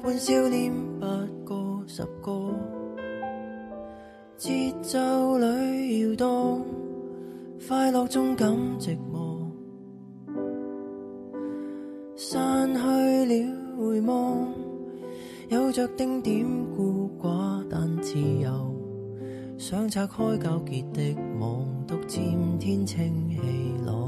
半笑臉，八個十個，節奏裡搖動，快樂中感寂寞。散去了，回望，有着丁點孤寡，但自由，想拆開糾結的網，獨佔天清氣朗。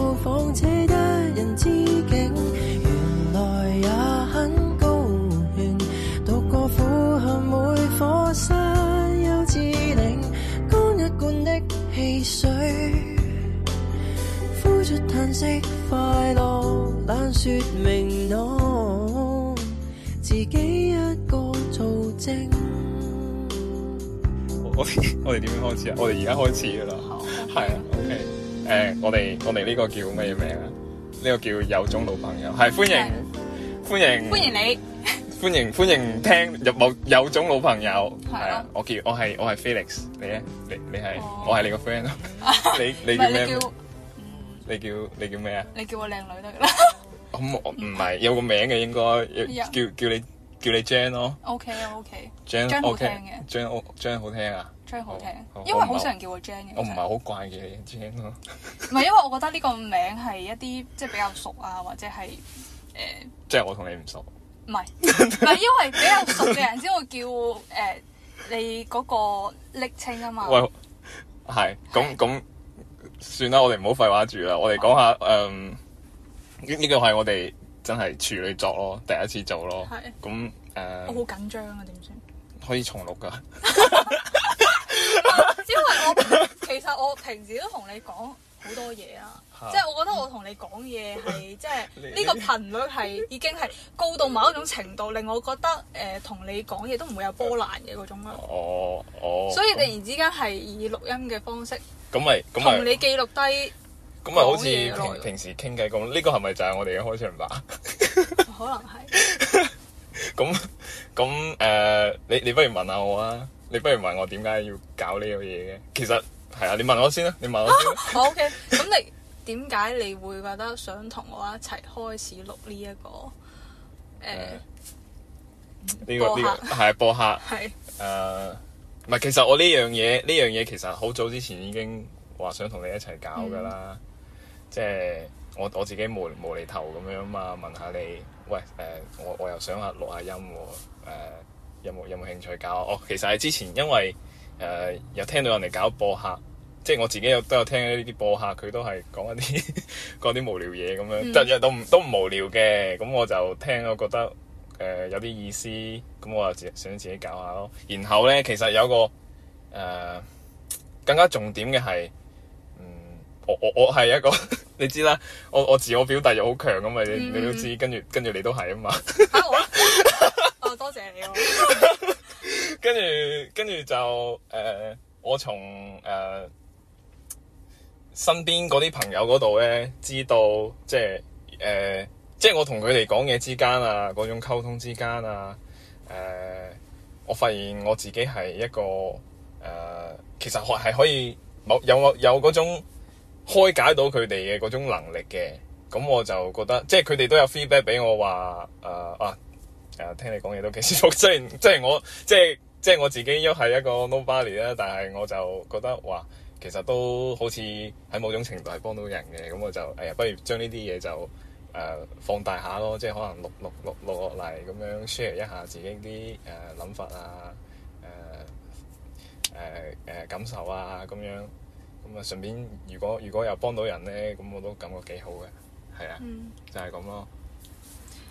放這一人之境，原來也很高興。獨個俯瞰每座山丘之嶺，乾一罐的汽水，呼出嘆息快樂，懶説明朗，自己一個做證。我 我哋點樣開始,開始好 啊？我哋而家開始㗎喇，係啊。誒，我哋我哋呢個叫咩名啊？呢個叫有種老朋友，係歡迎歡迎歡迎你，歡迎歡迎聽有冇有種老朋友，係啊，我叫我係我係 Felix，你咧，你你係我係你個 friend 咯，你你叫咩？你叫你叫咩啊？你叫我靚女得啦。咁我唔係有個名嘅，應該叫叫你，叫你 Jane 咯，OK，OK，Jane 好聽嘅，Jane 好 Jane 好聽啊，Jane 好聽，因為好少人叫我 Jane 嘅，我唔係好怪嘅，Jane 咯，唔係因為我覺得呢個名係一啲即係比較熟啊，或者係誒，即係我同你唔熟，唔係唔係因為比較熟嘅人先會叫誒你嗰個昵稱啊嘛，喂，係，咁咁算啦，我哋唔好廢話住啦，我哋講下誒呢個係我哋。真係處女作咯，第一次做咯。係。咁誒，我好緊張啊，點算？可以重錄㗎。因為我其實我平時都同你講好多嘢啦，即係我覺得我同你講嘢係即係呢個頻率係已經係高到某一種程度，令我覺得誒同你講嘢都唔會有波瀾嘅嗰種咯。哦哦。所以突然之間係以錄音嘅方式，咁咪，同你記錄低。咁啊，好似平平，平時傾偈咁，呢個係咪就係我哋嘅開場白？ 可能係。咁咁誒，uh, 你你不如問下我啊！你不如問我點解要搞呢樣嘢嘅？其實係啊，你問我先啦。你問我先、啊。好 OK 咁你點解你會覺得想同我一齊開始錄呢一個誒呢、呃 uh, 播客？係、呢個呢個、啊，播客係誒，唔係是、uh，其實我呢樣嘢呢樣嘢，其實好早之前已經話想同你一齊搞噶啦。嗯即係我我自己無無厘頭咁樣啊嘛，問下你，喂誒、呃，我我又想下錄下音喎、呃，有冇有冇興趣搞？我、哦、其實係之前因為誒有、呃、聽到人哋搞播客，即係我自己有都有聽呢啲播客，佢都係講一啲 講啲無聊嘢咁樣，嗯、都唔都唔無聊嘅，咁我就聽我覺得誒、呃、有啲意思，咁我話想自己搞下咯。然後咧，其實有個誒、呃、更加重點嘅係。我我係一個 你知啦，我我自我表達又好強咁嘛，你你都知，跟住跟住你都係啊嘛。多謝你。跟住跟住就誒，我從誒、呃、身邊嗰啲朋友嗰度咧，知道即係誒，即係、呃、我同佢哋講嘢之間啊，嗰種溝通之間啊，誒、呃，我發現我自己係一個誒、呃，其實學係可以冇有有嗰種。開解到佢哋嘅嗰種能力嘅，咁我就覺得，即係佢哋都有 feedback 俾我話，誒、呃、啊誒、啊，聽你講嘢都幾舒服。即係即係我即係即係我自己又係一個 nobody 啦，但係我就覺得哇，其實都好似喺某種程度係幫到人嘅。咁我就誒、哎，不如將呢啲嘢就誒、呃、放大下咯，即係可能錄錄錄錄落嚟咁樣 share 一下自己啲誒諗法啊，誒誒誒感受啊咁樣。咁啊，順便如果如果有幫到人咧，咁我都感覺幾好嘅，係啊，嗯、就係咁咯。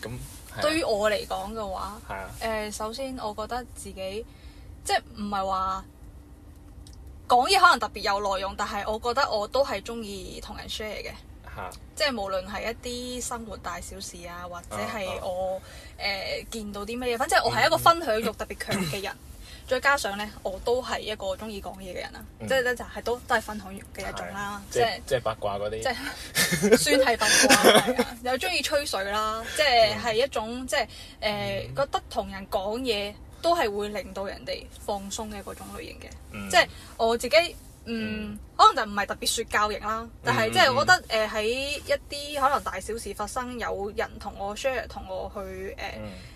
咁、啊、對於我嚟講嘅話，係啊，誒、呃、首先我覺得自己即係唔係話講嘢可能特別有內容，但係我覺得我都係中意同人 share 嘅，吓、啊，即係無論係一啲生活大小事啊，或者係我誒、啊啊呃、見到啲咩嘢，反正我係一個分享欲特別強嘅人。嗯嗯嗯嗯嗯再加上咧，我都係一個中意講嘢嘅人啦。即係咧，就係都都係分享嘅一種啦。即係即係八卦嗰啲，即係算係八卦。又中意吹水啦，即係係一種即係誒覺得同人講嘢都係會令到人哋放鬆嘅嗰種類型嘅。即係我自己，嗯，可能就唔係特別説教型啦，但係即係我覺得誒喺一啲可能大小事發生有人同我 share 同我去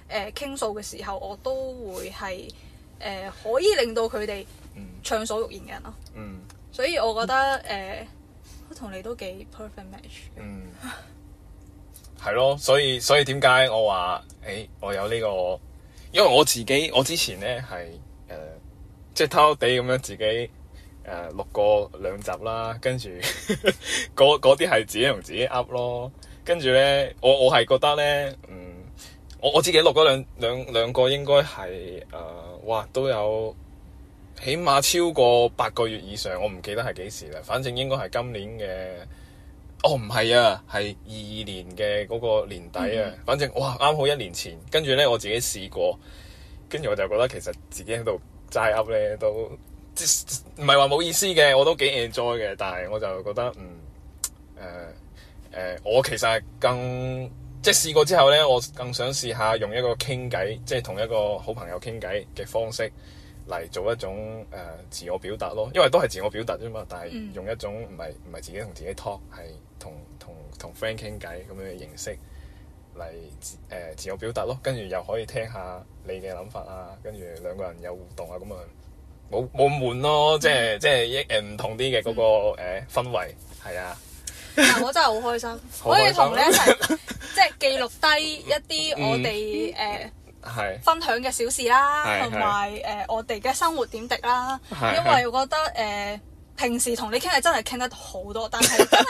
誒誒傾訴嘅時候，我都會係。誒、呃、可以令到佢哋暢所欲言嘅人咯，嗯、所以我覺得誒、呃、我同你都幾 perfect match。嗯，係咯， 所以所以點解我話誒、欸、我有呢、呢個，因為我自己我之前咧係誒即係偷偷哋咁樣自己誒、呃、錄過兩集啦，跟住嗰啲係自己同自己噏咯，跟住咧我我係覺得咧，嗯，我我自己錄嗰兩兩兩個應該係哇，都有起碼超過八個月以上，我唔記得係幾時啦。反正應該係今年嘅，哦，唔係啊，係二二年嘅嗰個年底啊。嗯、反正哇，啱好一年前。跟住呢我自己試過，跟住我就覺得其實自己喺度齋噏呢都，即唔係話冇意思嘅，我都幾 enjoy 嘅。但係我就覺得嗯，誒、呃呃、我其實係更。即係試過之後呢，我更想試下用一個傾偈，即係同一個好朋友傾偈嘅方式嚟做一種誒、呃、自我表達咯。因為都係自我表達啫嘛，但係用一種唔係唔係自己同自己 talk，係同同同 friend 傾偈咁樣嘅形式嚟誒自、呃、自我表達咯。跟住又可以聽下你嘅諗法啊，跟住兩個人有互動，嗯那個呃、啊，咁啊冇冇咁悶咯。即係即係一誒唔同啲嘅嗰個氛圍係啊。 我真係好開心，可以同你一齊即係記錄低一啲我哋誒，係分享嘅小事啦，同埋誒我哋嘅生活點滴啦。因為我覺得誒、呃、平時同你傾偈真係傾得好多，但係真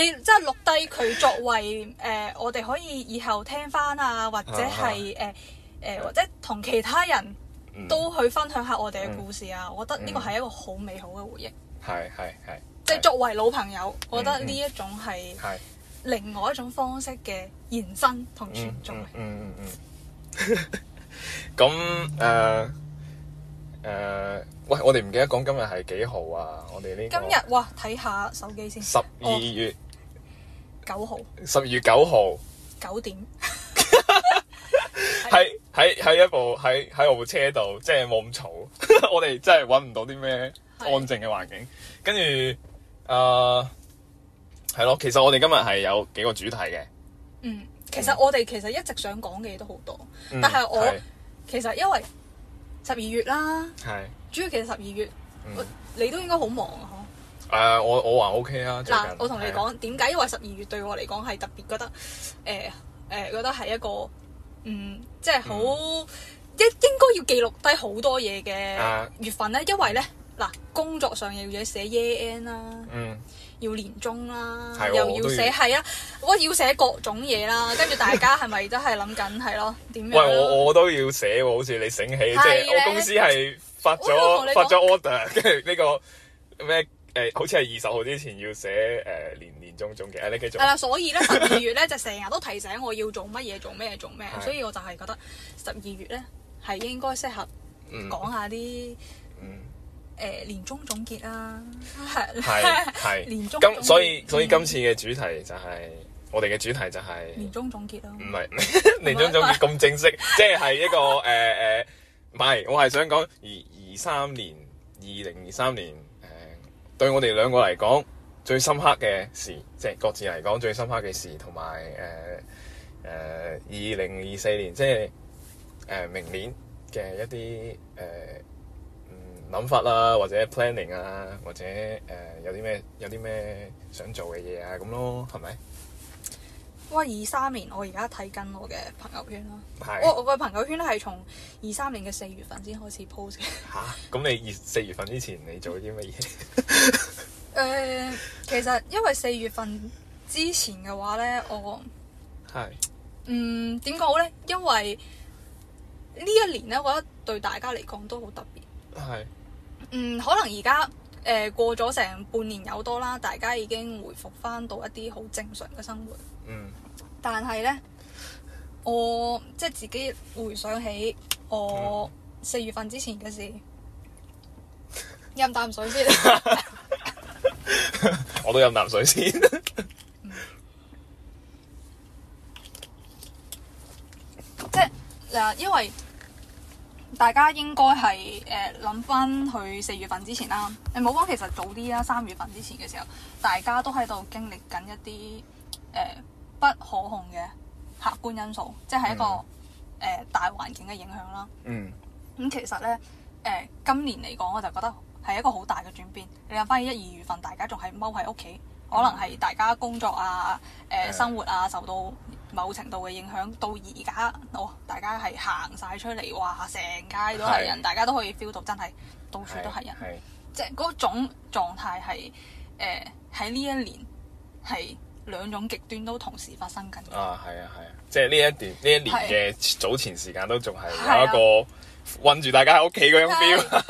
係你真係錄低佢作為誒、呃、我哋可以以後聽翻啊，或者係誒誒或者同其他人都去分享下我哋嘅故事啊。嗯嗯、我覺得呢個係一個好美好嘅回憶。係係係。嗯嗯嗯嗯嗯嗯即係作為老朋友，mm hmm. 我覺得呢一種係另外一種方式嘅延伸同傳承。嗯嗯嗯。咁誒誒，uh, uh, 喂，我哋唔記得講今日係幾號啊？我哋呢、這個？今日哇，睇、呃、下手機先。十二月九號。十二、oh, 月九號。九點 9 時。喺係係一部喺喺我部車度，即係冇咁嘈。 我哋真係搵唔到啲咩安靜嘅環境，的跟住。誒，係咯、uh,，其實我哋今日係有幾個主題嘅。嗯，其實我哋其實一直想講嘅嘢都好多，嗯、但係我是其實因為十二月啦，係是主要其實十二月，嗯、你都應該好忙啊，嗬。誒，我我還 OK 啊。嗱，我同你講點解？是為因為十二月對我嚟講係特別覺得，誒、呃、誒、呃，覺得係一個，嗯，即係好一應該要記錄低好多嘢嘅月份咧，uh, 因為咧。嗱，工作上又要嘢寫 year end 啦，要年終啦，又要寫，係啊，我要寫各種嘢啦。跟住大家係咪都係諗緊係咯？點樣？喂，我我都要寫，好似你醒起即係我公司係發咗發咗 order，跟住呢個咩誒，好似係二十號之前要寫誒年年終總結，你繼續係啦。所以咧，十二月咧就成日都提醒我要做乜嘢，做咩做咩，所以我就係覺得十二月咧係應該適合講下啲嗯。誒、呃，年終總結啊，係 係 年終總結。咁所以所以今次嘅主題就係、是嗯、我哋嘅主題就係、是、年終總結咯、啊。唔係是 年終總結咁正式，即係是 一個誒誒，唔、呃、係我係想講二二三年二零二三年誒、呃，對我哋兩個嚟講最深刻嘅事，即、就、係、是、各自嚟講最深刻嘅事，同埋誒誒二零二四年即係誒明年嘅一啲誒。呃諗法啦，或者 planning 啊，或者誒、啊呃、有啲咩有啲咩想做嘅嘢啊，咁咯，係咪？哇！二三年我而家睇緊我嘅朋友圈啦。係是。哇、哦！我嘅朋友圈係從二三年嘅四月份先開始 post。嚇、啊！咁你二四月份之前你做咗啲乜嘢？誒、 呃，其實因為四月份之前嘅話咧，我係。是嗯，點講好咧？因為呢一年咧，我覺得對大家嚟講都好特別。係。嗯，可能而家誒過咗成半年有多啦，大家已經回復翻到一啲好正常嘅生活。嗯，但係咧，我即係自己回想起我四月份之前嘅事，飲啖、嗯、水， 水先。我都飲啖水先。即係嗱，因為。大家應該係誒諗翻去四月份之前啦，誒冇講其實早啲啦，三月份之前嘅時候，大家都喺度經歷緊一啲誒、呃、不可控嘅客觀因素，即係一個誒、嗯呃、大環境嘅影響啦。嗯。咁其實咧誒、呃，今年嚟講我就覺得係一個好大嘅轉變。你諗翻起一二月份，大家仲係踎喺屋企，嗯、可能係大家工作啊、誒、呃、Yeah. 生活啊，受到……某程度嘅影響到而家，哦，大家係行晒出嚟，哇！成街都係人，大家都可以 feel 到，真係到處都係人，即係嗰種狀態係誒喺呢一年係兩種極端都同時發生緊。啊，係啊，係啊，即係呢一段呢一年嘅早前時間都仲係有一個韞住大家喺屋企嗰種 feel。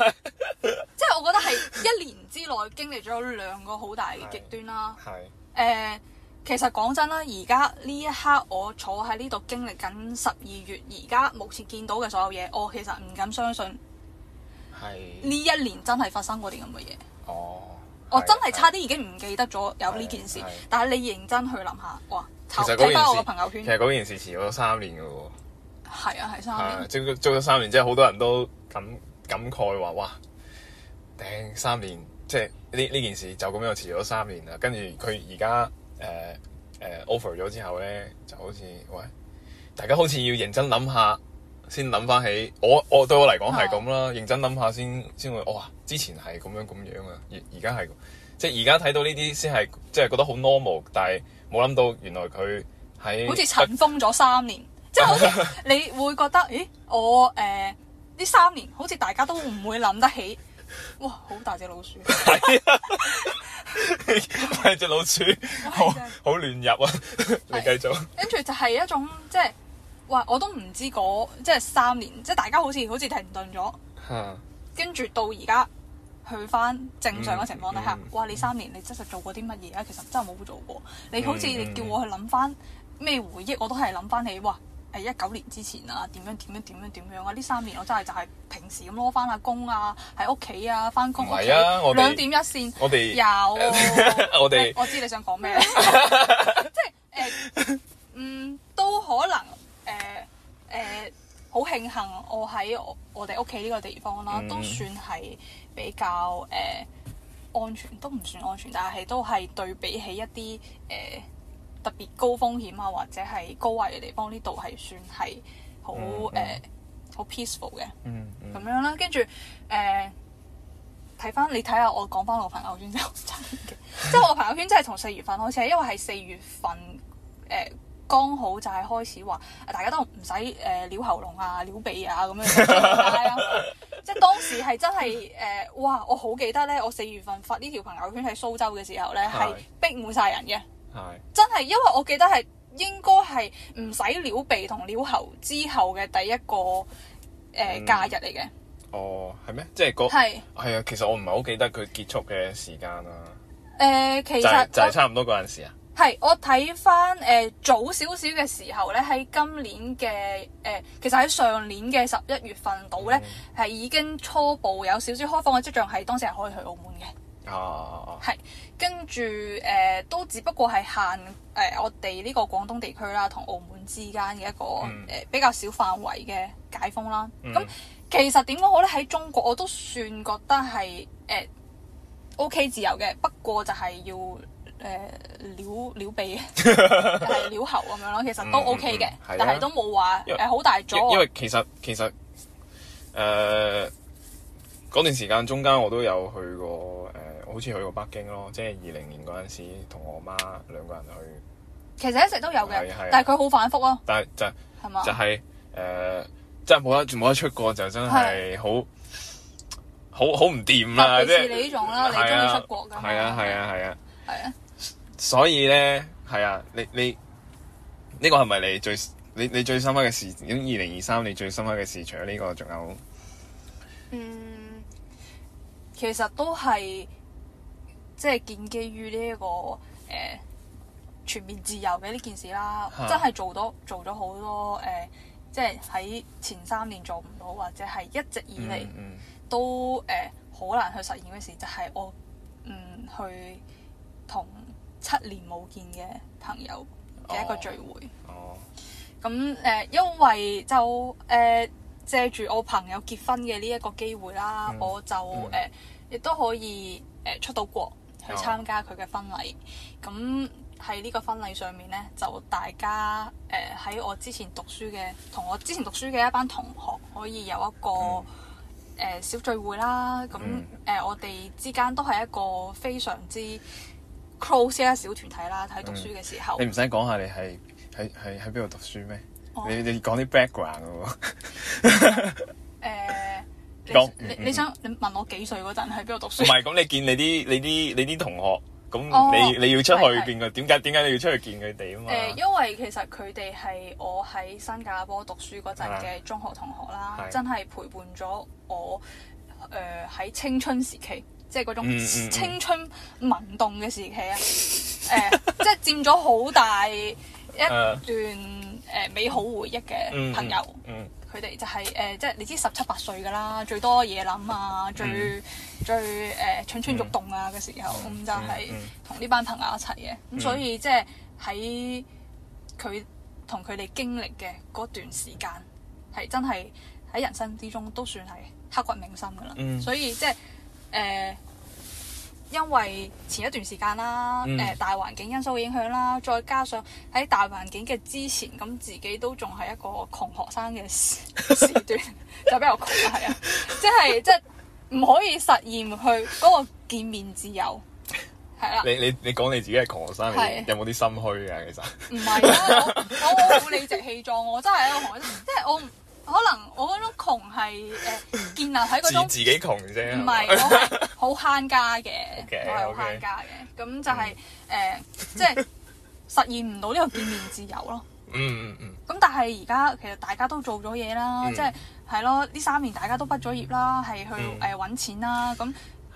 即係我覺得係一年之內經歷咗兩個好大嘅極端啦。係誒。其實講真啦，而家呢一刻我坐喺呢度經歷緊十二月，而家目前見到嘅所有嘢，我其實唔敢相信呢一年真係發生過啲咁嘅嘢。哦，我真係差啲已經唔記得咗有呢件事。但係你認真去諗下，哇！實看看我嘅朋友圈。其實嗰件事持續咗三年噶喎。係啊，係三年。做咗三年之後，好多人都感感慨話：哇，頂三年！即係呢呢件事就咁樣持續咗三年啦。跟住佢而家。誒誒 offer 咗之後咧，就好似喂，大家好似要認真諗下先諗翻起，我我對我嚟講係咁啦，的認真諗下先先會，哇、哦！之前係咁樣咁樣啊，而而家係，即係而家睇到呢啲先係，即係覺得好 normal，但係冇諗到原來佢喺好似塵封咗三年， 即係好似你會覺得，咦？我誒呢、呃、三年好似大家都唔會諗得起。哇，好大隻老鼠！係啊， 係隻老鼠， 好 好亂入啊！ 你繼續，跟住就係一種即係，哇！我都唔知嗰即係三年，即係大家好似好似停頓咗，跟住 到而家去翻正常嘅情況底下，嗯嗯、哇！你三年你真實做過啲乜嘢啊？其實真係冇做過，你好似你叫我去諗翻咩回憶，我都係諗翻起哇！係一九年之前啊，點樣點樣點樣點樣啊！呢三年我真係就係平時咁攞翻下工啊，喺屋企啊，翻工。係啊，我兩點一線，我哋有。我哋我知你想講咩？ 即係誒、呃，嗯，都可能誒誒，好、呃呃、慶幸我喺我我哋屋企呢個地方啦，都算係比較誒、呃、安全，都唔算安全，但係都係對比起一啲誒。呃特別高風險啊，或者係高危嘅地方，呢度係算係好誒好 peaceful 嘅，咁樣啦。跟住誒睇翻，你睇下我講翻我， 我朋友圈就真嘅，即係我朋友圈真係從四月份開始，因為係四月份誒剛、呃、好就係開始話大家都唔使誒撩喉嚨啊、撩鼻啊咁樣，樣 即係當時係真係誒、呃、哇！我好記得咧，我四月份發呢條朋友圈喺蘇州嘅時候咧，係逼，逼滿晒人嘅。 真係，因為我記得係應該係唔使撩鼻同撩喉之後嘅第一個誒、呃嗯、假日嚟嘅。哦，係咩？即係嗰係啊？其實我唔係好記得佢結束嘅時間啦。誒、呃，其實就係、是就是、差唔多嗰陣我時啊。係我睇翻誒早少少嘅時候咧，喺今年嘅誒、呃，其實喺上年嘅十一月份度咧，係、嗯、已經初步有少少開放嘅跡象，係當時係可以去澳門嘅。哦，係跟住誒，都只不過係限誒、呃、我哋呢個廣東地區啦，同澳門之間嘅一個誒、嗯呃、比較小範圍嘅解封啦。咁、嗯、其實點講好咧？喺中國我都算覺得係誒 O K 自由嘅，不過就係要誒撩撩鼻、撩、呃、 喉咁樣咯。其實都 O K 嘅，嗯嗯嗯啊、但係都冇話誒好大咗。因為其實其實誒嗰、呃、段時間中間，我都有去過誒。呃好似去過北京咯，即係二零年嗰陣時，同我媽兩個人去。其實一直都有嘅，的但係佢好反覆咯、啊。但係就係吧、就係呃，就係、是、誒，即係冇得冇得出過，就真係好的好好唔掂啦。即係你呢種啦，你中意出國嘅。係啊係啊係啊。係啊。所以咧，係啊，你你呢、呢個係咪你最你你最深刻嘅事？咁二零二三你最深刻嘅事，除咗呢個，仲有嗯，其實都係。即係建基於呢一個誒、呃、全面自由嘅呢件事啦，Huh. 真係做，做多做咗好多誒，即係喺前三年做唔到，或者係一直以嚟都誒好、mm hmm. 呃、難去實現嘅事，就係、是、我唔去同七年冇見嘅朋友嘅一個聚會。哦、oh. oh.，咁、呃、誒，因為就誒借住我朋友結婚嘅呢一個機會啦，mm hmm. 我就誒亦都可以誒、呃、出到國。Oh. 去參加佢嘅婚禮，咁喺呢個婚禮上面呢，就大家誒喺、呃、我之前讀書嘅，同我之前讀書嘅一班同學可以有一個誒、mm. 呃、小聚會啦。咁誒、mm. 呃，我哋之間都係一個非常之 close 嘅小團體啦。喺讀書嘅時候，mm. 你唔使講下你係喺喺喺邊度讀書咩、oh.？你你講啲 background 㗎喎。 呃你你想你問我幾歲嗰陣喺邊度讀書？唔係咁，你見你啲你啲你啲同學咁，你、哦、你，你要出去見佢？點解點解你要出去見佢哋啊？誒、呃，因為其實佢哋係我喺新加坡讀書嗰陣嘅中學同學啦，啊、真係陪伴咗我誒喺、呃、青春時期，即係嗰種青春萌動嘅時期啊！誒、嗯，即係佔咗好大一段誒美好回憶嘅朋友。嗯。嗯佢哋就係、是、誒，即、呃、係你知十七八歲㗎啦，最多嘢諗啊，最、mm. 最誒、呃、蠢蠢欲動啊嘅時候，咁、mm. 嗯、就係同呢班朋友一齊嘅，咁、mm. 嗯、所以即係喺佢同佢哋經歷嘅嗰段時間，係真係喺人生之中都算係刻骨銘心㗎啦。Mm. 所以即係誒。呃因為前一段時間啦，誒、嗯呃、大環境因素影響啦，再加上喺大環境嘅之前，咁自己都仲係一個窮學生嘅時段， 就比較窮係啊，即係即係唔可以實現去嗰個見面自由，係啦。你你你講你自己係窮學生，的有冇啲心虛呀其實？唔係啊，我好理直氣壯，我真係一個窮學生，即、就、係、是、我可能我嗰種窮係、呃、建立喺嗰種自，自己窮啫，唔係我係好慳家嘅，我係好慳家嘅。咁 okay. 就係誒，即係實現唔到呢個見面自由咯。嗯嗯嗯。咁、hmm. 但係而家其實大家都做咗嘢啦，即係係咯，呢三年大家都畢咗業啦，係、mm hmm. 去誒搵、呃、錢啦。咁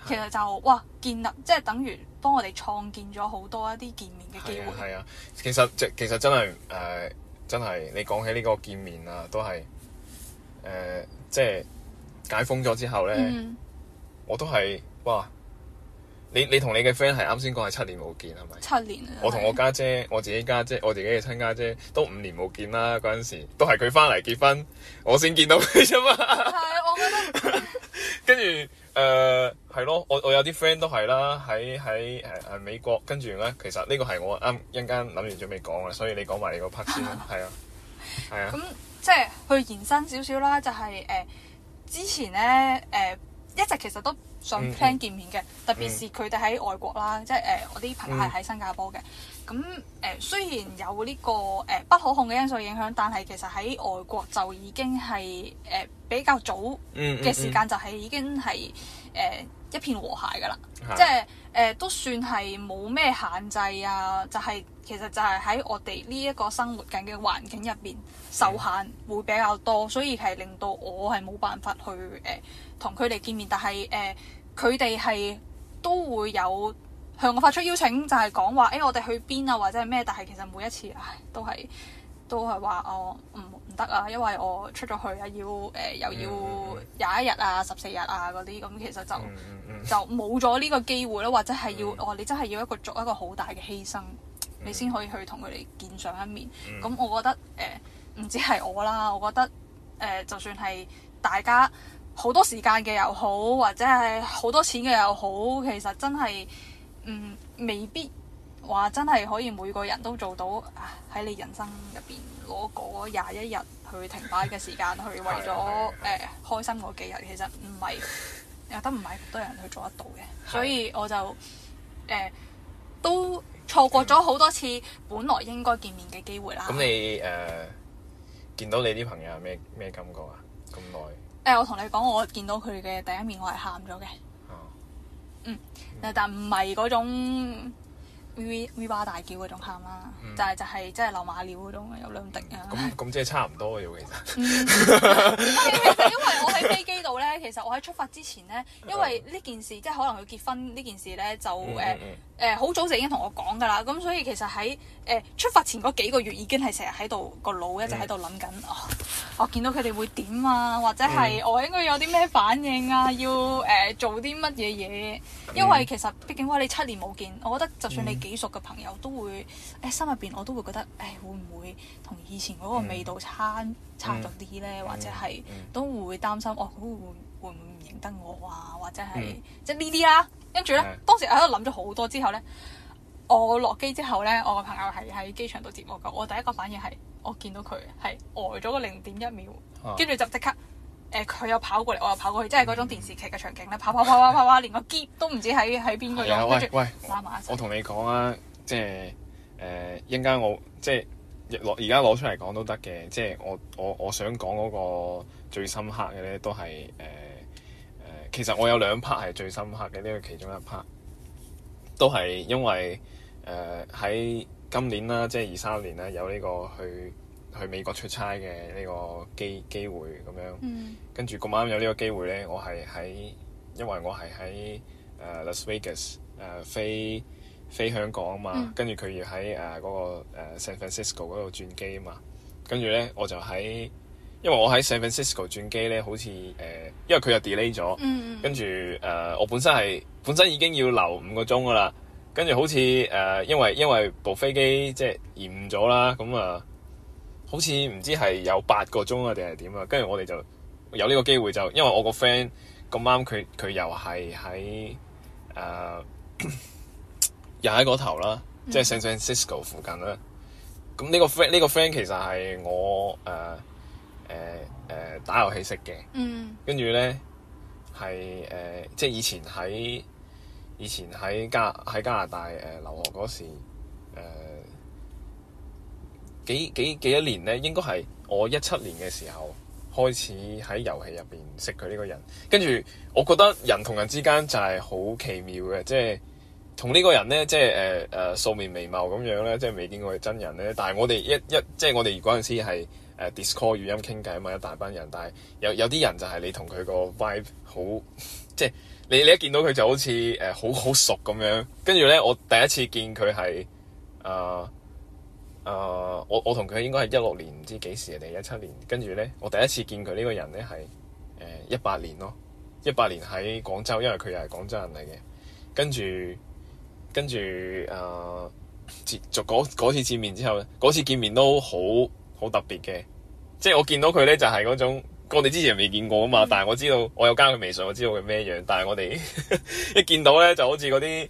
其實就哇，建立即係、就是、等於幫我哋創建咗好多一啲見面嘅機會。係 啊，其實即其實真係誒、呃，真係你講起呢個見面啊，都係。誒，即係解封咗之後咧，我都係哇！你你同你嘅 friend 係啱先講係七年冇見係咪？七年啊！我同我家姐，我自己家姐，我自己嘅親家姐都五年冇見啦。嗰陣時都係佢翻嚟結婚，我先見到佢啫嘛。係，我覺得跟住誒係咯，我我有啲 friend 都係啦，喺喺誒誒美國。跟住咧，其實呢個係我啱一陣間諗完準備講嘅，所以你講埋你嗰 part 先啦。係啊，係啊。即係去延伸少少啦，就係、是、誒、呃、之前咧誒、呃、一直其實都想聽見面嘅，嗯、特別是佢哋喺外國啦，嗯、即係誒、呃、我啲朋友係喺新加坡嘅。咁、嗯、誒、呃、雖然有呢、這個誒、呃、不可控嘅因素影響，但係其實喺外國就已經係誒、呃、比較早嘅時間，就係已經係誒。呃一片和諧噶啦，的即係誒、呃、都算係冇咩限制啊，就係、是、其實就係喺我哋呢一個生活緊嘅環境入邊受限會比較多，嗯、所以係令到我係冇辦法去誒同佢哋見面。但係誒佢哋係都會有向我發出邀請，就係講話誒我哋去邊啊或者係咩？但係其實每一次唉都係都係話我唔。得啊，因為我出咗去、呃、啊，要誒又要廿一日啊、十四日啊嗰啲，咁其實就就冇咗呢個機會咯，或者係要哦，你真係要一個做一個好大嘅犧牲，你先可以去同佢哋見上一面。咁我覺得誒，唔、呃、止係我啦，我覺得誒、呃，就算係大家好多時間嘅又好，或者係好多錢嘅又好，其實真係嗯未必。話真係可以每個人都做到，喺你人生入邊攞嗰廿一日去停擺嘅時間去，去為咗誒、 呃、開心嗰幾日，其實唔係有得唔係多人去做得到嘅，對所以我就誒、呃、都錯過咗好多次本來應該見面嘅機會啦。咁、嗯、你誒、呃、見到你啲朋友係咩咩感覺啊？咁耐誒，我同你講，我見到佢嘅第一面，我係喊咗嘅。但唔係嗰種。V V V 巴大叫嗰種喊啦，但係、嗯、就係即係流馬尿嗰種，有兩滴啊。咁咁即係差唔多嘅其實。 因為我喺飛機度咧，其實我喺出發之前咧，因為呢件事即係可能佢結婚呢件事咧，就誒誒好早就已經同我講㗎啦。咁所以其實喺誒、呃、出發前嗰幾個月已經係成日喺度個腦咧就喺度諗緊，我、嗯哦、我見到佢哋會點啊？或者係我應該有啲咩反應啊？要誒、呃、做啲乜嘢嘢？嗯、因為其實畢竟哇，你七年冇見，我覺得就算你、嗯。使幾熟嘅朋友都會，誒、哎、心入邊我都會覺得，誒、哎、會唔會同以前嗰個味道差、嗯、差咗啲咧？嗯嗯、或者係都會擔心，哦，佢會會唔會唔認得我啊？或者係即係呢啲啦。跟住咧，嗯、當時喺度諗咗好多之後咧，我落機之後咧，我個朋友係喺機場度接我㗎。我第一個反應係，我見到佢係呆咗個零點一秒，跟住、啊、就即刻。誒佢又跑過嚟，我又跑過去，即係嗰種電視劇嘅場景咧，跑跑跑跑跑跑，連個結都唔知喺喺邊嗰種。喂后喂，我同你講啊，即係誒一陣間我即係攞而家攞出嚟講都得嘅，即係我我我想講嗰個最深刻嘅咧，都係誒誒，其實我有兩 part 係最深刻嘅，呢、這個其中一 part 都係因為誒喺、呃、今年啦，即係二三年啦，有呢個去。去美國出差嘅呢個機機會咁樣，嗯、跟住咁啱有呢個機會咧，我係喺因為我係喺誒 Las Vegas 誒飛飛香港啊嘛，跟住佢要喺誒嗰個誒 San Francisco 嗰度轉機啊嘛，跟住咧我就喺因為我喺 San Francisco 轉機咧，好似誒、呃、因為佢又 delay 咗，嗯、跟住誒、呃、我本身係本身已經要留五個鐘噶啦，跟住好似誒、呃、因為因為部飛機即係延誤咗啦，咁啊～好似唔知係有八個鐘啊定係點啊，跟住我哋就有呢個機會就，就因為我個 friend 咁啱佢佢又係喺誒又喺嗰頭啦，即係 San Francisco 附近啦。咁呢、嗯、個 friend 呢、呢個 friend 其實係我誒誒誒打遊戲識嘅，跟住咧係誒即係以前喺以前喺加喺加拿大誒、呃、留學嗰時。幾幾幾一年咧，應該係我一七年嘅時候開始喺遊戲入邊識佢呢個人，跟住我覺得人同人之間就係好奇妙嘅，即係同呢個人咧，即係誒誒素未謀面咁樣咧，即係未見過佢真人咧。但係我哋一一即係我哋嗰陣時係誒 Discord 語音傾偈啊嘛，一、呃、Discord，一大班人，但係有有啲人就係你同佢個 vibe 好，即係你你一見到佢就好似誒好好熟咁樣，跟住咧我第一次見佢係誒。呃誒、uh，我我同佢應該係一六年唔知幾時定一七年，跟住咧，我第一次見佢呢個人咧係誒一八年咯，一八年喺廣州，因為佢又係廣州人嚟嘅。跟住跟住誒，接就嗰、呃、次見面之後，嗰次見面都好好特別嘅，即係我見到佢咧就係、係、嗰種我哋之前未見過啊嘛。 但係我知道我有加佢微信，我知道佢咩樣，但係我哋 一見到咧就好似嗰啲。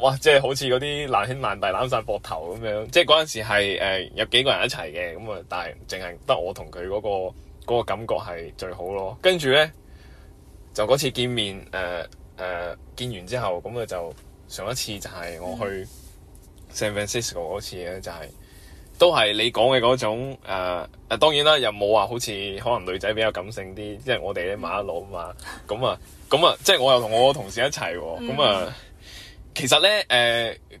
哇！即係好似嗰啲爛兄爛弟攬晒膊頭咁樣，即係嗰陣時係、呃、有幾個人一齊嘅，咁啊，但係淨係得我同佢嗰個感覺係最好咯。跟住咧，就嗰次見面誒誒、呃呃、見完之後，咁、嗯、啊就上一次就係我去 San Francisco 嗰次咧，就係、是、都係你講嘅嗰種誒誒、呃，當然啦，又冇話好似可能女仔比較感性啲、嗯 啊，因為我哋咧麻甩佬嘛，咁啊咁啊，即係我又同我同事一齊喎，咁啊。其實咧，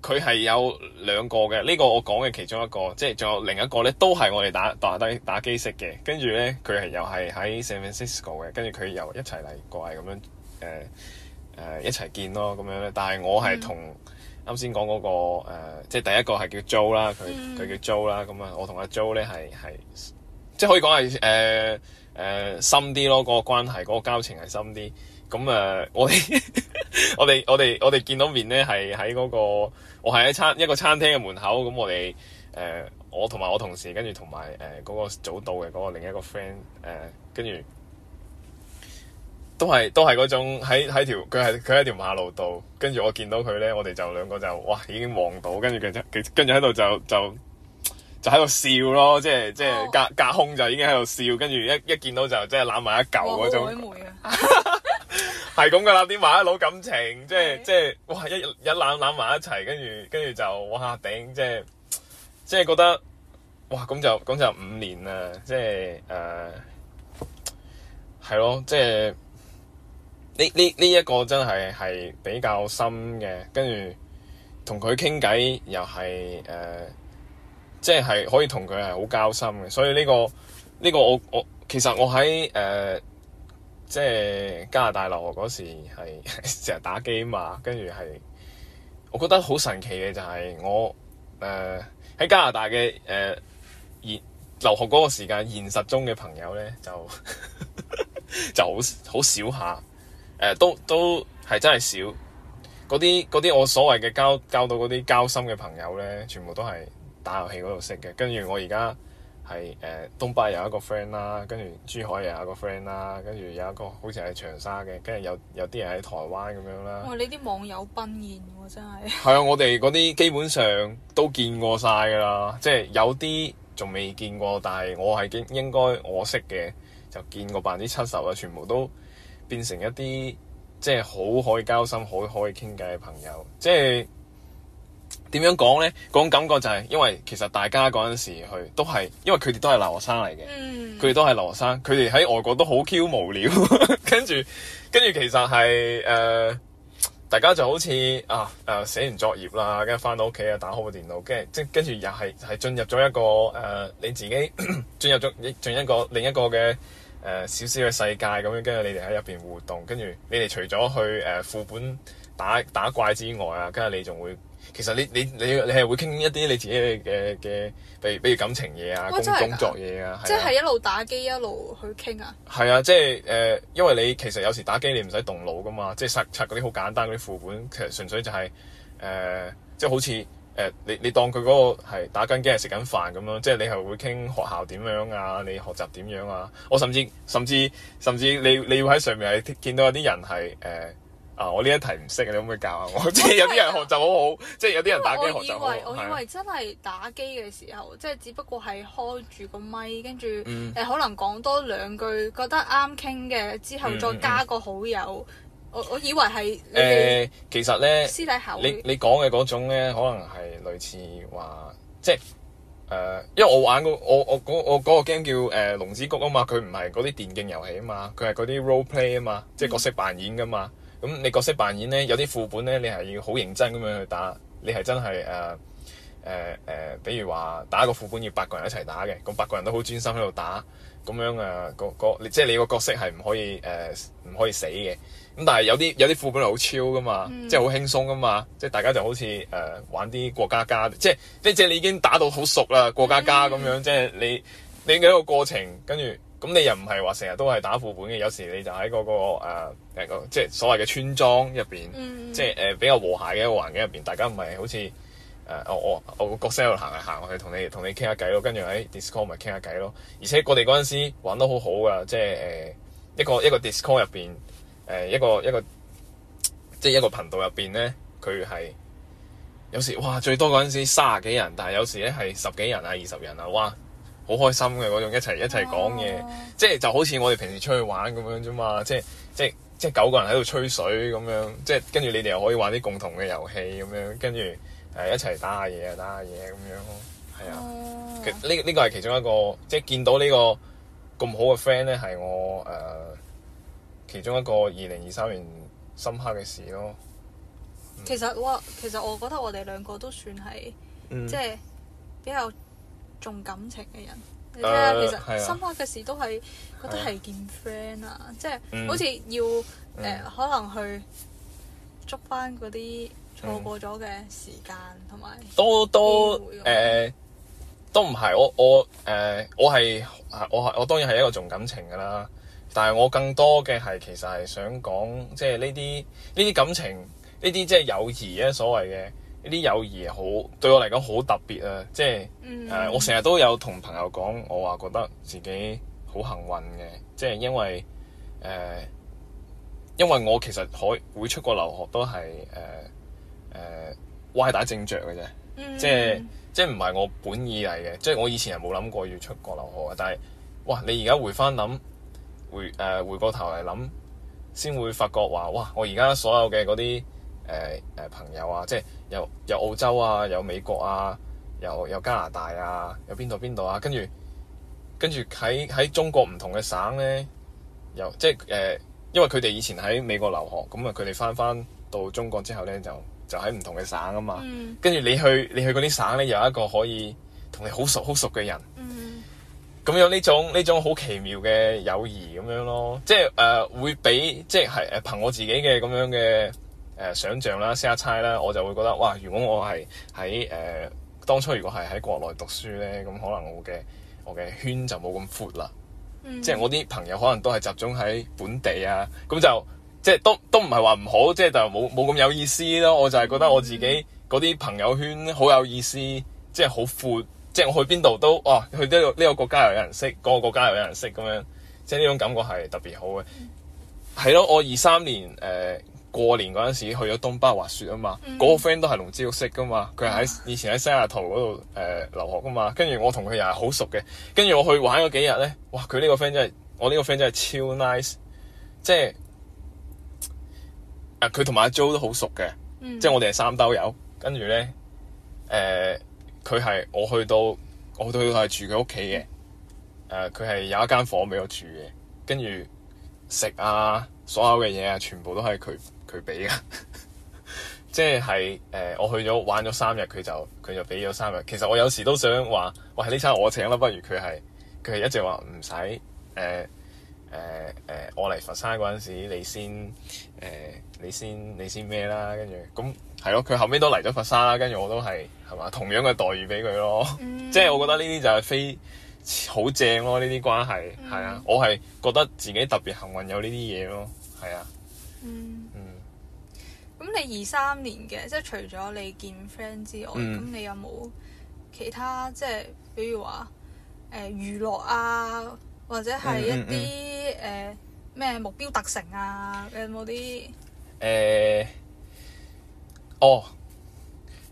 誒佢係有兩個嘅，呢、呢個我講嘅其中一個，即係仲有另一個咧，都係我哋打打低打機識嘅。跟住咧，佢係又係喺 San Francisco 嘅，跟住佢又一齊嚟過嚟咁樣誒誒、呃呃、一齊見咯，咁樣。但係我係同啱先講嗰個、呃、即係第一個係叫 Joe 啦，佢佢、嗯、叫 Joe 啦，咁啊，我同阿 Joe 咧係係即係可以講係誒誒深啲咯，個關係、個交情係深啲。咁誒、嗯，我哋 我哋我哋我哋見到面咧，係喺嗰個，我係喺餐一個餐廳嘅門口。咁我哋誒、呃，我同埋我同事，跟住同埋誒嗰個早到嘅嗰個另一個 friend 誒，跟、呃、住都係都係嗰種喺喺條佢係佢喺條馬路度。跟住我見到佢咧，我哋就兩個就哇已經望到，跟住跟住跟住喺度就就就喺度笑咯。即係即係隔隔空就已經喺度笑，跟住一一,一見到就即係攬埋一嚿嗰種。 係咁噶啦，啲埋一老感情，的即係即係，哇一一攬攬埋一齊，跟住跟住就哇頂，即係即係覺得哇咁就咁就五年啦，即係誒，係、呃、咯，即係呢呢呢一個真係係比較深嘅，跟住同佢傾偈又係誒、呃，即係係可以同佢係好交心嘅，所以呢、呢個呢、呢個我我其實我喺誒。呃即係加拿大留學嗰時係成日打機嘛，跟住係我覺得好神奇嘅就係、是、我誒喺、呃、加拿大嘅誒、呃、留學嗰個時間，現實中嘅朋友咧就 就好好少下，誒、呃、都都係真係少。嗰啲嗰啲我所謂嘅交交到嗰啲交心嘅朋友咧，全部都係打遊戲嗰度識嘅，跟住我而家。係誒東北有一個 friend 啦，跟住珠海又有一個 friend 啦，跟住有一個好似喺長沙嘅，跟住有有啲人喺台灣咁樣啦。哇！呢啲網友奔現喎，真係。係 啊，我哋嗰啲基本上都見過晒㗎啦，即係有啲仲未見過，但係我係應應該我識嘅就見過百分之七十呀，全部都變成一啲即係好可以交心、好可以傾偈嘅朋友，即係。點樣講呢？嗰種感覺就係、是、因為其實大家嗰陣時去都係，因為佢哋都係留學生嚟嘅，佢哋、嗯、都係留學生。佢哋喺外國都好 Q 無聊， 跟住跟住其實係誒、呃、大家就好似啊誒寫、呃、完作業啦，跟住翻到屋企啊，打開部電腦，跟住即跟住又係係進入咗一個誒、呃、你自己 進入咗進入一個另一個嘅誒、呃、小小嘅世界咁樣。跟住你哋喺入邊互動，跟住你哋除咗去誒、呃、副本打打怪之外啊，跟住你仲會。其實你你你你係會傾一啲你自己嘅嘅，譬如譬如感情嘢啊，哦、工作嘢啊，啊，啊，即係一路打機一路去傾啊。係啊，即係誒，因為你其實有時打機你唔使動腦噶嘛，即係刷刷嗰啲好簡單嗰啲副本，其實純粹就係、是、誒、呃，即係好似誒、呃，你你當佢嗰個係打緊機係食緊飯咁咯。即係你係會傾學校點樣啊，你學習點樣啊。我甚至甚至甚至你你會喺上面係見到有啲人係誒。呃啊！我呢一題唔識，你可唔可以教下我？即 係 有啲人學習好好，即係有啲人打機學習好好我以為我以為，我以為真係打機嘅時候，即係的只不過係開住個咪，跟住誒可能講多兩句，覺得啱傾嘅之後再加個好友。嗯嗯、我我以為係誒、呃、其實咧，私底下你你講嘅嗰種咧，可能係類似話即係誒、呃，因為我玩過我我我我、那個我我我嗰個 game 叫誒、呃、龍之谷啊嘛，佢唔係嗰啲電競遊戲啊嘛，佢係嗰啲 role play 啊嘛，即係角色扮演噶嘛。嗯咁你角色扮演咧，有啲副本咧，你係要好認真咁樣去打，你係真係誒誒誒，比如話打一個副本要八個人一齊打嘅，咁八個人都好專心喺度打，咁樣啊個、呃、即係你個角色係唔可以誒唔、呃、可以死嘅。咁但係有啲有啲副本係好 chill 㗎嘛，即係好輕鬆㗎嘛，即係大家就好似誒、呃、玩啲過家家，即係即係你已經打到好熟啦，過家家咁樣，嗯、即係你你嘅一個過程，跟住咁你又唔係話成日都係打副本嘅，有時你就喺嗰、那個、呃即係所謂嘅村莊入邊，嗯、即係誒、呃、比較和諧嘅一個環境入邊，大家唔係好似誒、呃、我我我個角度行嚟行去，同你同你傾下偈咯，跟住喺 Discord 咪傾下偈咯。而且我哋嗰陣時玩得好好噶，即係誒、呃、一個一個 Discord 入邊誒一個一個即係一個頻道入邊咧，佢係有時哇最多嗰陣時卅幾人，但係有時咧係十幾人啊、二十人啊，哇好開心嘅嗰種一齊一齊講嘢，即係就好似我哋平時出去玩咁樣啫嘛，即係即係。即即係九個人喺度吹水咁樣，即係跟住你哋又可以玩啲共同嘅遊戲咁樣，跟住誒、呃、一齊打，打下嘢啊打下嘢咁樣，係啊。呢呢、oh. 這個係其中一個，即係見到呢個咁好嘅 friend 咧，係我誒其中一個二零二三年深刻嘅事咯。嗯、其實哇其實我覺得我哋兩個都算係，即係 比較重感情嘅人。Uh, 你睇下，其實深刻嘅事都係。 覺得係見 friend 啊，嗯、即係好似要誒、嗯呃，可能去捉返嗰啲錯過咗嘅時間，同埋都都誒，都唔係我我誒，我係我係、呃、我，我，我當然係一個重感情噶啦，但係我更多嘅係其實係想講，即係呢啲呢啲感情，呢啲即係友誼咧、啊，所謂嘅呢啲友誼好對我嚟講好特別啊，即係誒，我成日都有同朋友講，我話覺得自己。好幸運嘅，即係因為誒、呃，因為我其實可會出國留學都係誒誒歪打正着嘅啫，即係、mm. 即係唔係我本意嚟嘅，即係我以前係冇諗過要出國留學嘅，但係哇，你而家回翻諗，回誒、呃、回過頭嚟諗，先會發覺話哇，我而家所有嘅嗰啲誒誒朋友啊，即係有有澳洲啊，有美國啊，有有加拿大啊，有邊度邊度啊，跟住。跟住喺喺中國唔同嘅省呢，有即係、呃、因為佢哋以前喺美國留學，咁啊佢哋返返到中國之後呢，就就喺唔同嘅省啊嘛。嗯、跟住你去你去嗰啲省呢，有一個可以同你好熟好熟嘅人。咁、嗯、有呢種呢種好奇妙嘅友誼咁樣咯，即係誒、呃、會俾即係誒憑我自己嘅咁樣嘅、呃、想象啦，試下猜啦，我就會覺得哇！如果我係喺誒當初如果係喺國內讀書呢，咁可能我嘅我嘅圈就冇咁闊啦，嗯、即係我啲朋友可能都係集中喺本地啊，咁就即係都都唔係話唔好，即係就冇冇咁有意思咯。我就係覺得我自己嗰啲朋友圈好有意思，即係好闊，即係我去邊度都，哇、啊，去呢、呢個呢、呢個國家又有人識，嗰個國家又有人識咁樣，即係呢種感覺係特別好嘅。係咯、嗯，我二三年誒。呃過年嗰陣時去咗東北滑雪啊嘛，嗰、mm hmm. 個 friend 都係龍之屋識噶嘛，佢係喺以前喺西雅圖嗰度誒留學噶嘛，跟住我同佢又係好熟嘅，跟住我去玩咗幾日咧，哇！佢呢個 friend 真係我呢個 friend 真係超 nice，即係啊佢同埋阿 Jo 都好熟嘅，即係、呃 mm hmm. 我哋係三兜友，跟住咧誒佢係我去到我都去到係住佢屋企嘅，誒佢係有一間房俾我住嘅，跟住食啊所有嘅嘢啊全部都係佢。佢俾噶，他 即係誒、呃，我去咗玩咗三日，佢就佢就俾咗三日。其實我有時都想話，喂呢餐我請啦，不如佢係佢係一直話唔使誒誒誒，我嚟佛山嗰陣時，你先誒、呃、你先你先咩啦？跟住咁係咯，佢後尾都嚟咗佛山啦。跟住我都係係嘛，同樣嘅待遇俾佢咯。嗯、即係我覺得呢啲就係非好正咯。呢啲關係係啊，嗯、我係覺得自己特別幸運有呢啲嘢咯。係啊。嗯咁你二三年嘅，即係除咗你見 friend 之外，咁、嗯、你有冇其他即係，比如話誒娛樂啊，或者係一啲誒咩目標達成啊？有冇啲誒？哦，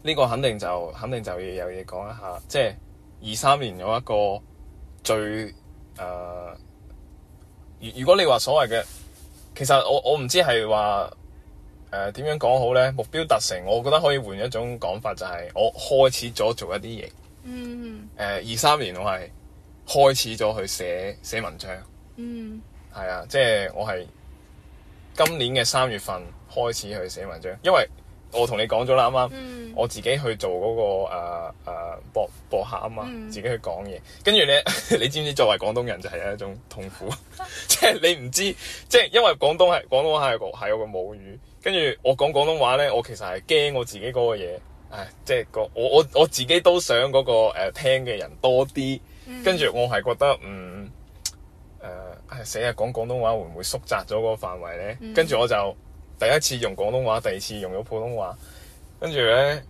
呢、這個肯定就肯定就要有嘢講一下，即係二三年有一個最誒，如、呃、如果你話所謂嘅，其實我我唔知係話。誒，點、呃、樣講好呢？目標達成，我覺得可以換一種講法、就是，就係我開始咗做一啲嘢。嗯、mm。誒、hmm. 呃，二三年我係開始咗去寫寫文章。嗯、mm。係、hmm. 啊，即係我係今年嘅三月份開始去寫文章，因為我同你講咗啦，啱啱、mm hmm. 我自己去做嗰、那個誒誒、呃呃、博博客啊嘛，mm hmm. 自己去講嘢。跟住呢，你, 你知唔知作為廣東人就係有一種痛苦，即 係你唔知，即、就、係、是、因為廣東係廣東話係係有個母語。跟住我講廣東話呢，我其實係驚我自己嗰個嘢，唉，即係個我我我自己都想嗰、那個誒、呃、聽嘅人多啲。跟住、mm hmm. 我係覺得嗯誒、呃，死啊講廣東話會唔會縮窄咗個範圍呢？跟住、mm hmm. 我就第一次用廣東話，第二次用咗普通話，跟住呢，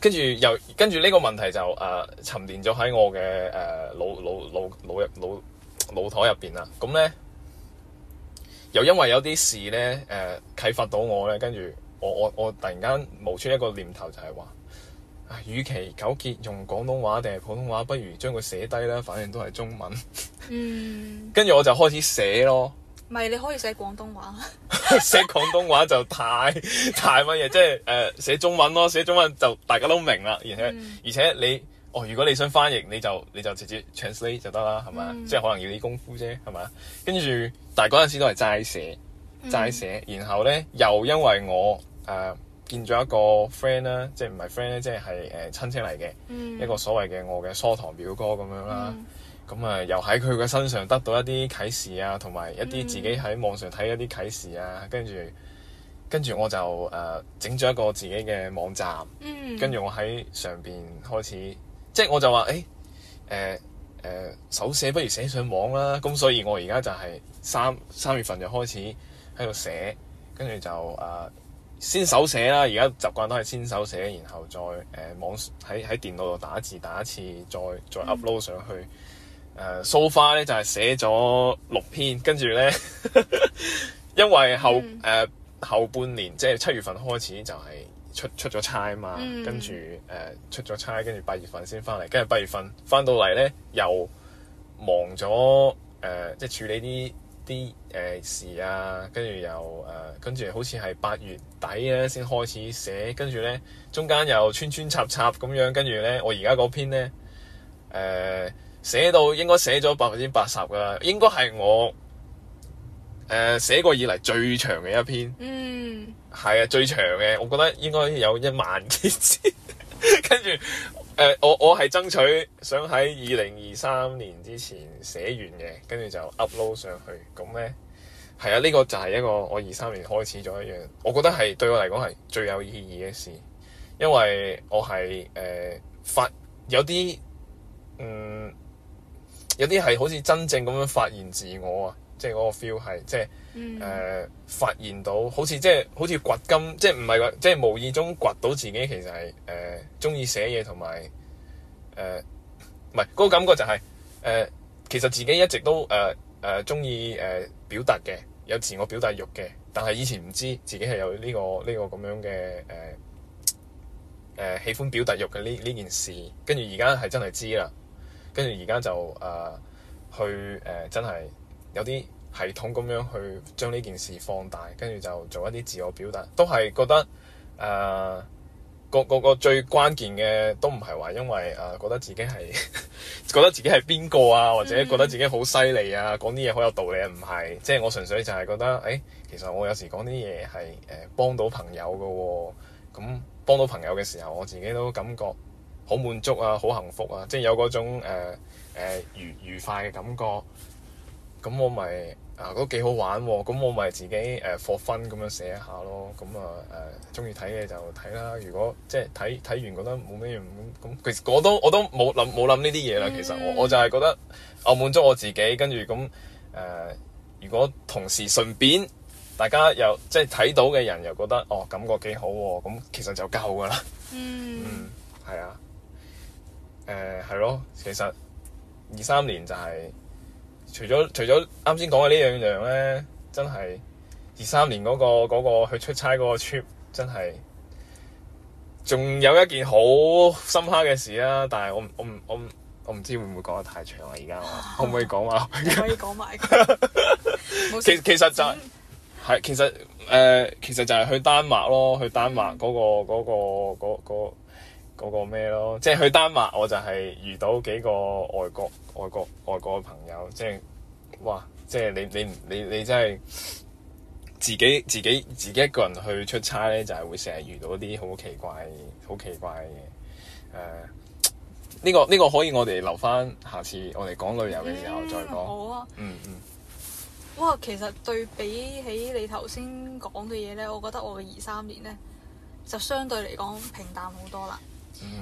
跟、呃、住又跟住呢個問題就誒、呃、沉澱咗喺我嘅誒腦腦腦腦入腦腦袋入邊啦。咁、呃、呢。又因為有啲事咧，誒、呃、啟發到我咧，跟住我我我突然間冒出一個念頭，就係話，啊，與其糾結用廣東話定係普通話，不如將佢寫低啦，反正都係中文。 嗯。跟住我就開始寫咯。唔係，你可以寫廣東話。 寫廣東話就太太乜嘢， 即係誒、呃、寫中文咯，寫中文就大家都明啦，而且、嗯、而且你。哦，如果你想翻譯，你就你就直接 translate 就得啦，係嘛？嗯、即係可能要啲功夫啫，係嘛？跟住，但係嗰陣時都係齋寫，齋寫、嗯，然後呢，又因為我誒、呃、見咗一個 friend 咧、啊，即係唔係 friend 咧，即係係誒親戚嚟嘅，嗯、一個所謂嘅我嘅疏堂表哥咁樣啦，咁、嗯、啊又喺佢嘅身上得到一啲啟示啊，同埋一啲自己喺網上睇一啲啟示啊，跟住跟住我就誒整咗一個自己嘅網站，跟住我喺、嗯、上邊開始。即係我就話誒，誒、哎、誒、呃呃，手寫不如寫上網啦。咁所以我而家就係三三月份就開始喺度寫，跟住就誒、呃、先手寫啦。而家習慣都係先手寫，然後再誒、呃、網喺喺電腦度打字打一次，一次再再 upload 上去。誒、嗯 uh,so far 咧就係、是、寫咗六篇，跟住咧， 因為後誒、嗯呃、後半年即係七月份開始就係、是。出出咗差嘛，嗯、跟住誒、呃、出咗差，跟住八月份先返嚟，跟住八月份返到嚟咧又忙咗誒、呃，即係處理啲啲誒事啊，跟住又誒、呃，跟住好似係八月底咧先開始寫，跟住咧中間又穿穿插插咁樣，跟住咧我而家嗰篇咧誒寫到應該寫咗百分之八十噶啦。應該係我誒寫、呃、過以嚟最長嘅一篇。嗯。係啊，最長嘅，我覺得應該有一萬幾字。 跟住誒、呃，我我係爭取想喺二零二三年之前寫完嘅，跟住就 upload 上，上去。咁、嗯、咧，係啊，呢、這個就係一個我二三年開始咗一樣。我覺得係對我嚟講係最有意義嘅事，因為我係誒、呃、發有啲嗯有啲係好似真正咁樣發現自我啊，即係嗰個 feel 係即係。就是誒、嗯呃，發現到好似即係好似掘金，即係唔係話即係無意中掘到自己，其實係誒中意寫嘢同埋誒，唔係嗰個感覺就係、是、誒、呃，其實自己一直都誒誒中意誒表達嘅，有自我表達欲嘅，但係以前唔知自己係有呢、這個呢、這個咁樣嘅誒誒喜歡表達欲嘅呢呢件事，跟住而家係真係知啦，跟住而家就誒、呃、去誒、呃、真係有啲。系統咁樣去將呢件事放大，跟住就做一啲自我表達，都係覺得誒、呃、個個個最關鍵嘅都唔係話因為誒、呃、覺得自己係覺得自己係邊個啊，或者覺得自己好犀利啊，講啲嘢好有道理啊，唔係，即係我純粹就係覺得誒、欸，其實我有時講啲嘢係誒幫到朋友嘅喎，咁幫到朋友嘅時候，我自己都感覺好滿足啊，好幸福啊，即係有嗰種誒、呃呃、愉愉快嘅感覺。咁我咪啊，都幾好玩喎！咁我咪自己誒課分咁樣寫一下咯。咁啊誒，中意睇嘅就睇啦。如果即係睇睇完覺得冇咩用咁，其實我都我都冇諗冇諗呢啲嘢啦。其實我、mm. 我就係覺得我滿足我自己，跟住咁誒，如果同時順便大家又即係睇到嘅人又覺得哦感覺幾好喎、啊，咁、嗯、其實就夠噶啦。Mm. 嗯，係啊。誒係咯，其實二三年就係、是。除咗除咗啱先講嘅呢樣樣咧，真係二三年嗰、那個嗰、那個去出差嗰個 trip 真係，仲有一件好深刻嘅事啊！但係我我唔我唔我唔知會唔會講得太長啦、啊。而家、啊、我可唔可以講埋？可以講埋。其其實就係、是、其實誒、呃，其實就係去丹麥咯，去丹麥嗰、那個嗰、那個、那個那個嗰個咩咯？即係去丹麥，我就係遇到幾個外國外國外國嘅朋友，即係哇！即係你你你你真係自己自己自己一個人去出差咧，就係、係、會成日遇到啲好奇怪好奇怪嘅嘢誒。呢、呃呢個呢、呢個可以我哋留翻下次我哋講旅遊嘅時候、嗯、再講。嗯、好啊、嗯。嗯哇！其實對比起你頭先講嘅嘢咧，我覺得我嘅二三年咧就相對嚟講平淡好多啦。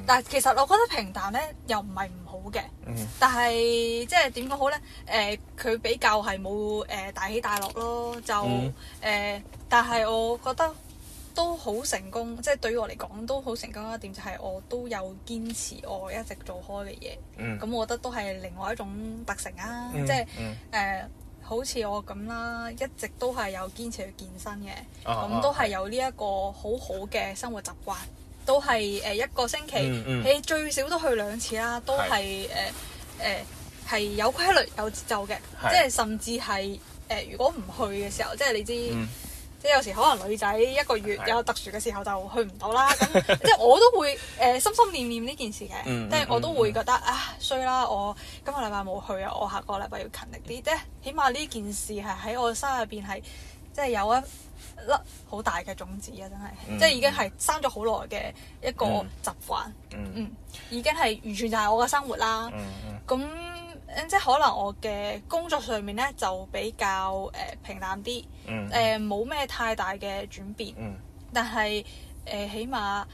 但係其實我覺得平淡咧又唔係唔好嘅，嗯、但係即係點講好咧？誒、呃，佢比較係冇誒大起大落咯，就誒、嗯呃，但係我覺得都好成功，即、就、係、是、對於我嚟講都好成功一點就係我都有堅持我一直做開嘅嘢，咁我覺得都係另外一種特成啊，即係誒，好似我咁啦，一直都係有堅持去健身嘅，咁、啊、都係有呢一個好好嘅生活習慣。都係誒一個星期，你、嗯、最少都去兩次啦。都係誒誒係有規律、有節奏嘅，是即係甚至係誒、呃。如果唔去嘅時候，即係你知，嗯、即係有時可能女仔一個月有特殊嘅時候就去唔到啦。咁是即係我都會誒、呃、心心念念呢件事嘅， 即係我都會覺得 啊衰啦！我今日禮拜冇去啊，我下個禮拜要勤力啲，即係起碼呢件事係喺我心入邊係即係有一。甩好大嘅種子啊！真係，即係已經係生咗好耐嘅一個習慣，嗯，已經係完全就係我嘅生活啦。咁、嗯嗯、即係可能我嘅工作上面呢，就比較誒、呃、平淡啲，誒冇咩太大嘅轉變，嗯、但係誒、呃、起碼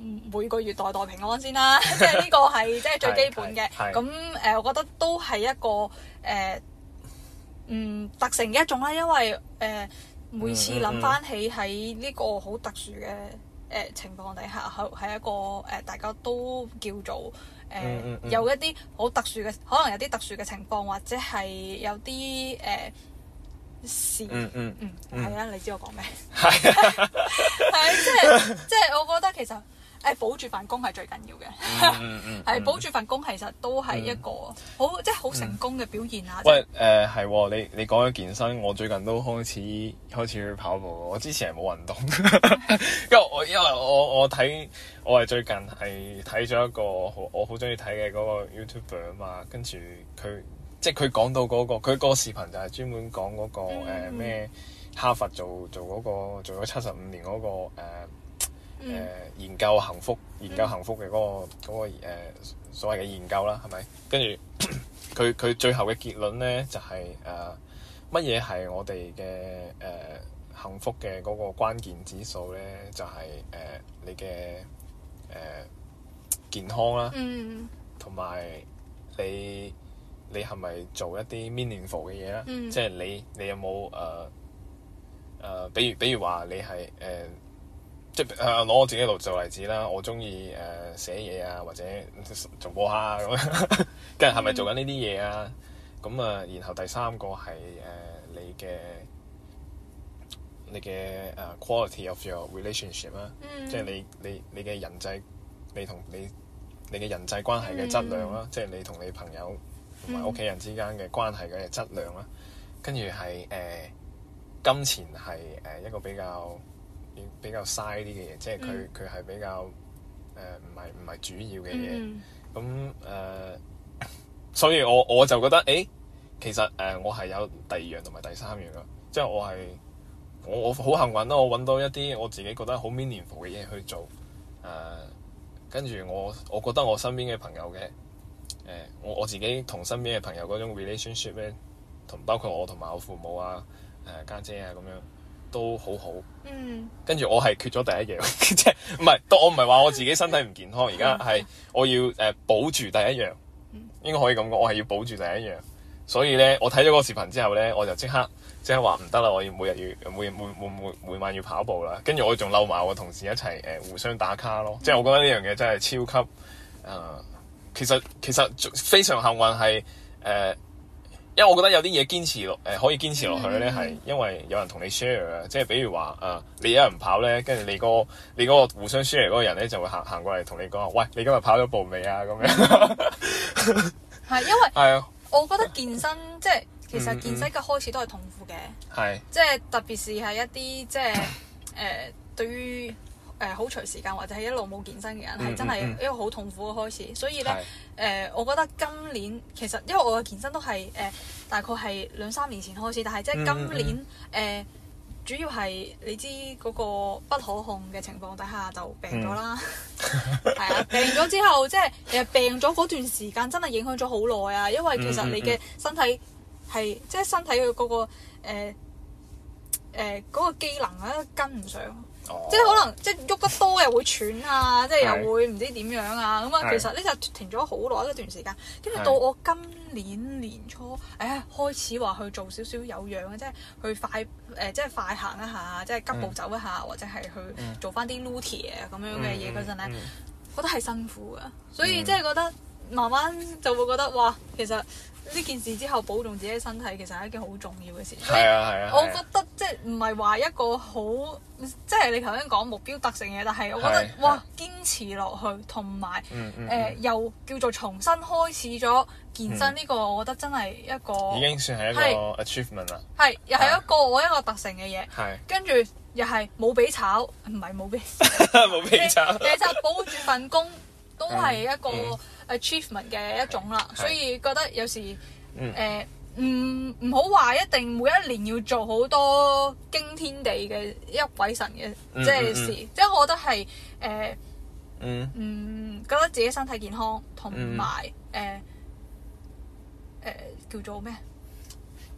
嗯每個月代代平安先啦， 即係呢個係即係最基本嘅。咁誒， 我覺得都係一個誒。嗯，特成嘅一種啦，因為誒每次諗翻起喺呢個好特殊嘅誒情況底下，係係一個誒大家都叫做誒有一啲好特殊嘅，可能有啲特殊嘅情況，或者係有啲誒事。嗯嗯嗯，係啊，你知我講咩？係啊，係啊，即係即係，我覺得其實。誒保住份工係最緊要嘅，係保住份工其實都係一個好、mm, mm, mm. 即係好成功嘅表現啊 Wait ,、uh, 嗯！喂，誒係，你你講咗健身，我最近都開始開始跑步。我之前係冇運動， 因為我因為我我睇我係最近係睇咗一個我我好中意睇嘅嗰個 YouTuber 啊嘛，跟住佢即係佢講到嗰、嗰個佢嗰個視頻就係專門講嗰、嗰個咩、mm. uh, 哈佛做做嗰、嗰個、做咗七十五年嗰、嗰個、uh, 誒、呃、研究幸福，研究幸福嘅嗰、嗰個嗰所謂嘅研究啦，係咪？跟住佢佢最後嘅結論咧，就係誒乜嘢係我哋嘅誒幸福嘅嗰個關鍵指數咧？就係、是、誒、呃、你嘅誒、呃、健康啦，同埋、嗯、你你係咪做一啲 meaningful 嘅嘢啦？嗯、即係你你有冇誒誒？比如比如話你係誒？呃即係攞、啊、我自己度做例子啦，我中意誒寫嘢啊，或者、嗯、做播客啊咁樣，跟住係咪做緊呢啲嘢啊？咁啊、mm hmm.，然後第三個係誒、呃、你嘅你嘅誒 quality of your relationship 啦、mm，hmm. 即係你你你嘅人際，你同你你嘅人際關係嘅質量啦，mm hmm. 即係你同你朋友同埋屋企人之間嘅關係嘅質量啦，跟住係誒金錢係誒、呃、一個比較。比較嘥啲嘅嘢，即係佢佢係比較誒唔係唔係主要嘅嘢，咁誒、嗯呃，所以我我就覺得誒、欸，其實誒、呃、我係有第二樣同埋第三樣噶，即係我係我我好幸運啦，我搵到一啲我自己覺得好 meaningful 嘅嘢去做誒，跟、呃、住我我覺得我身邊嘅朋友嘅，誒、呃、我我自己同身邊嘅朋友嗰種 relationship 咧，同包括我同埋我父母啊，誒、呃、家姐、姐啊咁樣。都好好，嗯，跟住我係缺咗第一樣，即係唔係，都，我唔係話我自己身體唔健康，而家係我要誒、呃、保住第一樣，應該可以咁講，我係要保住第一樣，所以咧、嗯、我睇咗個視頻之後咧，我就即刻即係話唔得啦，我要每日要每日每每每晚要跑步啦，跟住我仲嬲埋我同事一齊誒、呃、互相打卡咯，嗯、即係我覺得呢樣嘢真係超級誒、呃，其實其實非常幸運係誒。呃因為我覺得有啲嘢堅持落，誒、呃、可以堅持落去咧，係因為有人同你 share 啊，即係比如話，誒、呃、你有人跑咧，跟住你、嗰個你個互相 share 嗰個人咧，就會行行過嚟同你講，喂，你今日跑咗步未啊？咁樣係因為係啊，我覺得健身即係其實健身嘅開始都係痛苦嘅，係的即係特別是係一啲即係誒、呃、對於。誒，好除、呃、時間或者係一路冇健身嘅人係、嗯嗯、真係一個好痛苦嘅開始，所以咧，誒是、呃，我覺得今年其實因為我嘅健身都係誒、呃，大概係兩三年前開始，但係即係今年誒、嗯嗯呃，主要係你知嗰個不可控嘅情況底下就病咗啦，係、嗯、 啊，病咗之後即係其病咗嗰段時間真係影響咗好耐啊，因為其實你嘅身體係、嗯嗯嗯、即係身體嘅嗰、那個誒誒嗰個機能咧跟唔上。即係可能即係喐得多又會喘啊，即係又會唔知點樣啊咁啊。其實呢就停咗好耐一段時間，跟住到我今年年初，唉、哎、開始話去做少少有氧啊，即係去快誒、呃，即係快行一下，即係急步走一下，或者係去做翻啲擼鐵啊咁樣嘅嘢嗰陣咧，嗯嗯嗯、覺得係辛苦嘅，所以即係覺得慢慢就會覺得哇，其實～呢件事之後保重自己身體，其實係一件好重要嘅事。係啊係啊，我覺得即係唔係話一個好，即係你頭先講目標達成嘅嘢，但係我覺得哇，堅持落去同埋誒又叫做重新開始咗健身呢個，我覺得真係一個已經算係一個 achievement 啦。係又係一個我一個達成嘅嘢。係跟住又係冇俾炒，唔係冇俾冇俾炒，而且保住份工都係一個 Achievement 嘅一種啦，所以覺得有時誒唔唔好話一定每一年要做好多驚天地嘅一鬼神嘅即係事，即係我覺得係誒嗯，覺得自己身體健康同埋誒誒叫做咩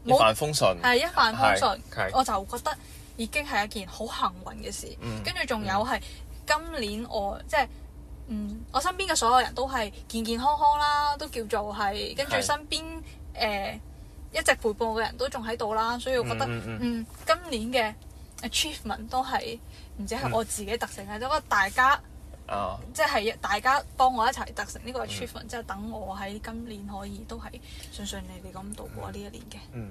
一帆風順，係一帆風順，我就覺得已經係一件好幸運嘅事。跟住仲有係今年我即係。嗯，我身邊嘅所有人都係健健康康啦，都叫做係跟住身邊誒是、呃、一直陪伴我嘅人都仲喺度啦，所以我覺得嗯，嗯，嗯，嗯今年嘅 achievement 都係唔止係我自己達成嘅，都係、嗯、大家，啊、即係大家幫我一齊達成呢個 achievement、嗯、即係等我喺今年可以都係順順利利咁度過呢一年嘅、嗯。嗯，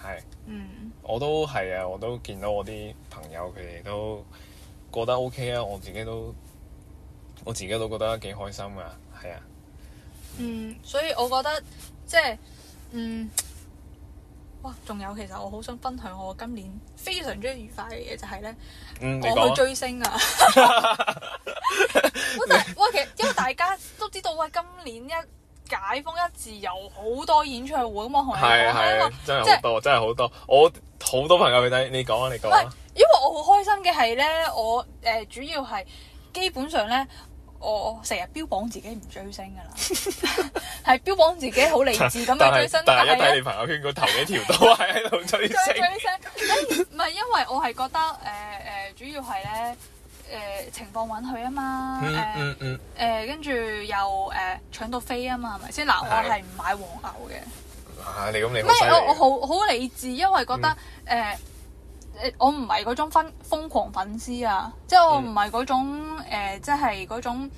係。嗯，我，我都係啊，我都見到我啲朋友佢哋都過得 OK 啊，我自己都。我自己都覺得幾開心噶，係啊。嗯，所以我覺得即係，嗯，哇，仲有其實我好想分享我今年非常中意愉快嘅嘢就係咧，我去追星啊！我但係喂，其實因為大家都知道喂，今年一解封一自由好多演唱會咁，我同你講咧，真係好多，就係、多，真係好多。我好多朋友你，你睇，你講啊，你講啊。因為我好開心嘅係咧，我誒主要係基本上咧。我成日標榜自己唔追星噶啦，係標榜自己好理智咁樣追、啊、 追，追星，但係睇你朋友圈個頭幾條都係喺度追星。追星，唔係因為我係覺得誒誒、呃呃，主要係咧誒情況允許啊嘛，誒跟住又誒、呃、搶到飛啊嘛，係咪先？嗱，我係唔買黃牛嘅。嚇！你咁你唔犀利。唔係，我我好好理智，因為覺得誒。嗯。我唔係嗰種瘋狂粉絲啊，即係我唔係嗰種、嗯呃、即係嗰種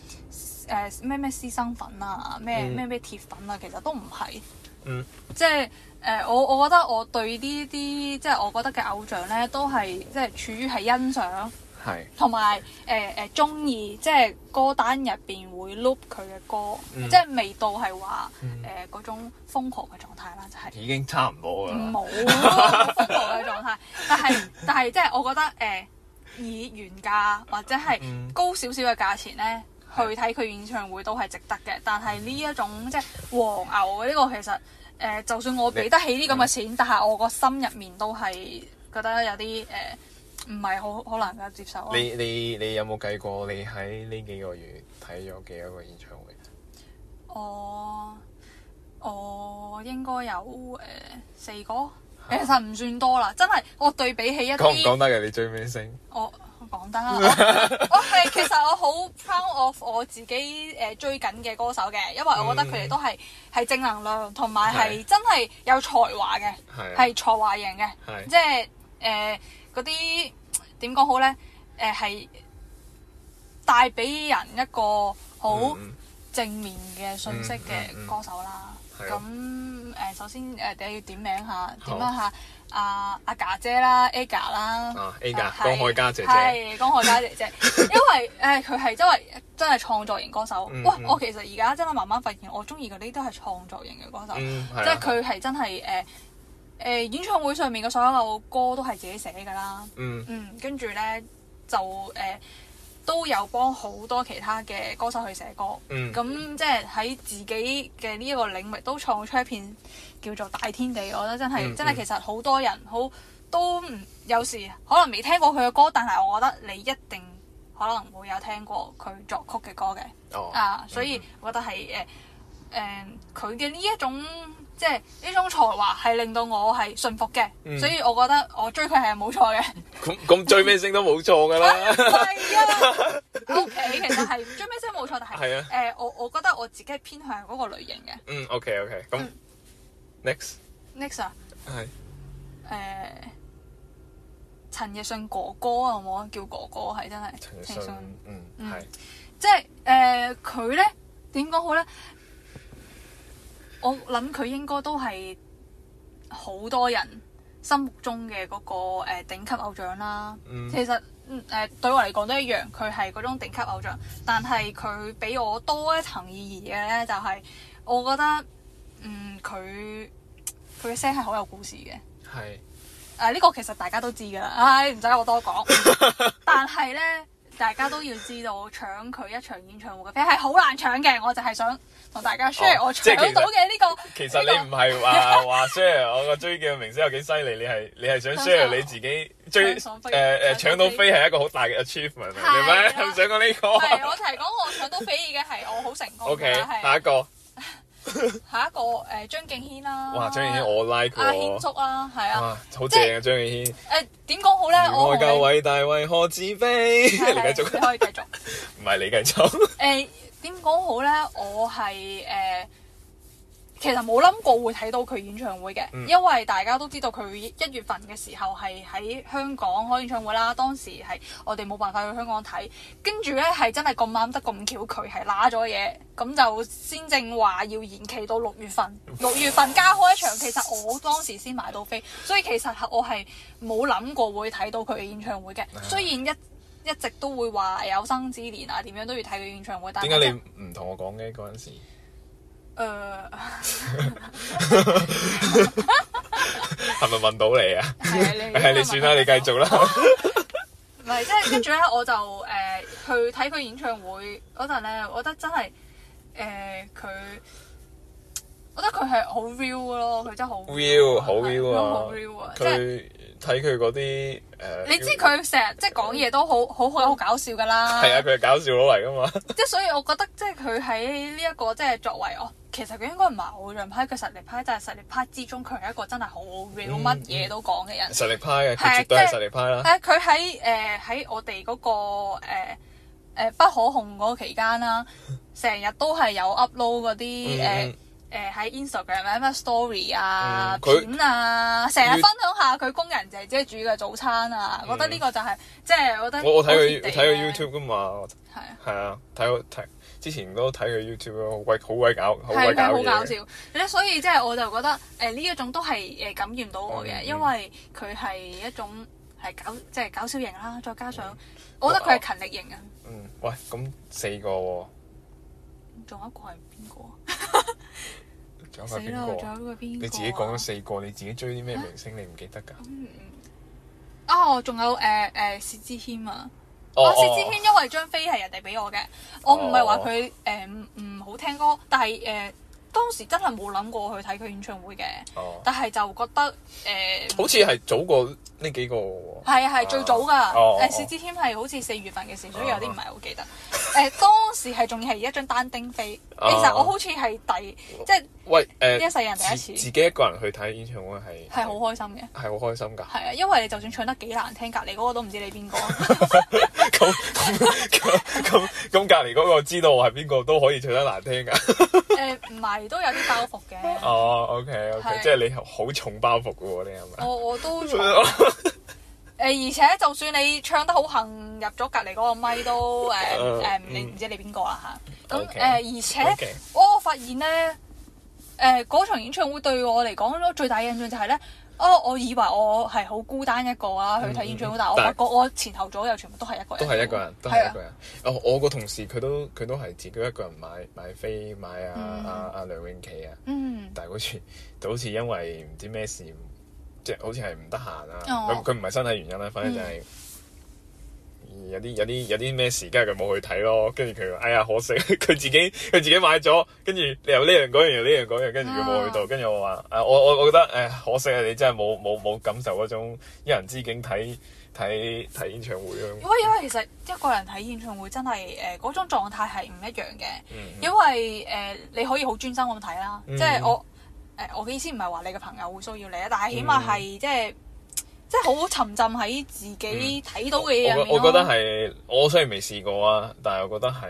咩咩、呃、私生粉啊，咩咩咩鐵粉啊，其實都唔係。嗯。即係誒、呃，我我覺得我對呢啲即係我覺得嘅偶像咧，都係即係處於係欣賞。係，同埋誒誒中意即係歌單入邊會 loop 佢嘅歌，嗯、即係未到係話誒嗰種瘋狂嘅狀態啦，就係、係、已經差唔多啦。冇瘋狂嘅狀態， 但係但係即係我覺得誒、呃、以原價或者係高少少嘅價錢咧，嗯、去睇佢演唱會都係值得嘅。是但係呢一種即係黃牛呢個其實誒、呃，就算我俾得起呢咁嘅錢，但係我個心入面都係覺得有啲誒。呃唔係好好難得接受啊！你你你有冇計過？你喺呢幾個月睇咗幾多個演唱會？我我、 啊、應該有誒、啊、四個，其實唔算多啦。真係我對比起一講講得嘅，你追咩星？我、 oh, 講得啊！ Rem ain 我係其實我好 proud of 我自己誒、呃、追緊嘅歌手嘅，因為我覺得佢哋都係係正能量，同埋係真係有才華嘅，係才華型嘅，即係誒。嗰啲點講好咧？誒係帶俾人一個好正面嘅信息嘅歌手啦。咁誒首先誒要點名下，點名下阿阿姐啦，AGA 啦，係江海迦姐姐。係江海迦姐姐，因為誒佢係真係真係創作型歌手。哇！我其實而家真係慢慢發現，我中意嗰啲都係創作型嘅歌手，即係佢係真係誒。呃、演唱會上面嘅所有歌都係自己寫㗎啦，嗯，嗯，跟住呢，就誒、呃、都有幫好多其他嘅歌手去寫歌，嗯，咁、嗯、即係喺自己嘅呢一個領域都創出一片叫做大天地。我覺得真係、嗯嗯、真係其實好多人好都唔有時可能未聽過佢嘅歌，但係我覺得你一定可能會有聽過佢作曲嘅歌嘅，哦、啊，所以、嗯嗯、我覺得係誒佢嘅呢一種。即係呢種才華係令到我係信服嘅，所以我覺得我追佢係冇錯嘅。咁咁追咩星都冇錯噶啦。係啊，OK，其實係追咩星冇錯，但係誒，我我覺得我自己係偏向嗰個類型嘅。嗯，OK，OK，咁 next，next 啊，係誒陳奕迅哥哥啊，好冇，叫哥哥係真係。陳奕迅嗯係，即係誒佢咧點講好咧？我諗佢應該都係好多人心目中嘅嗰、那個誒呃、頂級偶像啦。嗯、其實誒、嗯呃、對我嚟講都一樣，佢係嗰種頂級偶像，但係佢畀我多一層意義嘅咧，就係、是、我覺得嗯佢佢嘅聲係好有故事嘅。係誒呢個其實大家都知噶啦，唉唔使我多講。 但係咧。大家都要知道搶佢一場演唱會嘅飛係好難搶嘅，我就係想同大家 share、哦就係、我搶到嘅呢、呢個。其實你唔係話話 share 我追嘅明星有幾犀利，你係你係想 share 你自己追。誒誒、呃、搶到飛係一個好大嘅 achievement，明唔明啦？想講呢、呢個。係我提講我搶到飛已經係我好成功 OK，下一個。 下一個誒張、呃、敬軒啦、啊，哇張敬軒我 like 佢阿軒叔啦，係啊，啊啊啊好正啊張敬軒，誒點講好咧？我愛教偉大為何自卑？你可以繼續，唔係 你繼續，誒點講好咧？我係誒。呃其實冇諗過會睇到佢演唱會嘅，嗯、因為大家都知道佢一月份嘅時候係喺香港開演唱會啦。當時係我哋冇辦法去香港睇，跟住呢係真係咁啱得咁巧，佢係拉咗嘢，咁就先正話要延期到六月份。六月份加開一場， 其實我當時先買到飛，所以其實我係冇諗過會睇到佢嘅演唱會嘅。嗯、雖然一一直都會話有生之年啊，點樣都要睇佢演唱會。但係點解你唔同我講嘅嗰陣時？誒，係咪問到你啊？係你，係你算啦，你繼續啦。唔 係，即係跟住咧，我就誒、呃、去睇佢演唱會嗰陣咧，我覺得真係誒佢，我覺得佢係好 real 咯，佢真係好 real，好 real 啊，佢。 睇佢嗰啲誒，呃、你知佢成日即係講嘢都好好好、嗯、搞笑噶啦。係啊，佢係搞笑佬嚟噶嘛。即係所以我覺得即係佢喺呢一個即係作為我、哦，其實佢應該唔係偶像派，佢實力派，但係實力派之中佢係一個真係好 real 乜嘢、嗯嗯、都講嘅人。實力派嘅，佢絕對係實力派啦。誒、啊，佢喺誒喺我哋嗰、那個誒、呃呃呃、不可控嗰個期間啦，成日都係有 upload 嗰啲誒。誒喺 Instagram 啊，乜 story 啊、片啊，成日分享下佢工人姐姐煮嘅早餐啊，我覺得呢個就係即係我覺得。我我睇佢睇佢 YouTube 噶嘛，係啊，係啊，睇我睇之前都睇佢 YouTube 好鬼好鬼搞，好搞笑。所以即係我就覺得誒呢一種都係誒感染到我嘅，因為佢係一種係搞即係搞笑型啦，再加上我覺得佢係勤力型啊。嗯，喂，咁四個喎，仲有一個係。仲有邊個？你自己講咗四個，你自己追啲咩明星？你唔記得噶？哦，仲有誒誒，薛之謙啊！哦，薛之謙因為張飛係人哋俾我嘅，我唔係話佢誒唔好聽歌，但係誒當時真係冇諗過去睇佢演唱會嘅，但係就覺得誒，好似係早過呢幾個喎。係啊，係最早噶，誒薛之謙係好似四月份嘅事，所以有啲唔係好記得。誒，當時係仲要係一張單丁飛，其實我好似係第即係，一世，哦、人第一次自，自己一個人去睇演唱會係係好開心嘅，係好開心噶，係啊，因為你就算唱得幾難聽，隔籬嗰個都唔知你邊個。咁咁咁咁，隔籬嗰個知道我係邊個都可以唱得難聽噶。誒、 嗯，唔係都有啲包袱嘅。哦、oh,，OK OK，是即係你好重包袱噶喎，你係咪？我我都 誒，而且就算你唱得好行入咗隔離嗰個咪都誒誒， 嗯、你唔知你邊個啦嚇？咁誒 Okay, 而且 okay. 我發現咧，誒嗰場演唱會對我嚟講最大印象就係、是、咧，哦，我以為我係好孤單一個啊，去睇演唱會、嗯，但我發覺我前後左右全部都係一,一個人，都係一個人，都係一個人。哦，我個同事佢都佢都係自己一個人買買飛買啊阿啊梁詠琪啊，嗯，但係好似就好似因為唔知咩事。即係好似係唔得閒啊，佢佢唔係身體原因啦，反正就係有啲、嗯、有啲有啲咩事，跟住佢冇去睇咯，跟住佢話哎呀可惜，佢 自己佢自己買咗，跟住你又呢樣嗰樣又呢樣嗰樣，跟住佢冇去到，跟住我話，誒我我我覺得，誒可惜啊，你真係冇冇冇感受嗰種一人之境睇睇睇演唱會啊，因為其實一個人睇演唱會真係誒嗰種狀態係唔一樣嘅，嗯、哼因為誒、呃、你可以好專心咁睇啦，即係是我。嗯誒，我嘅意思唔係話你嘅朋友會騷擾你啊，但係起碼係、嗯、即係，即係好沉浸喺自己睇、嗯、到嘅嘢。我我覺得係，我雖然未試過啊，但係我覺得係誒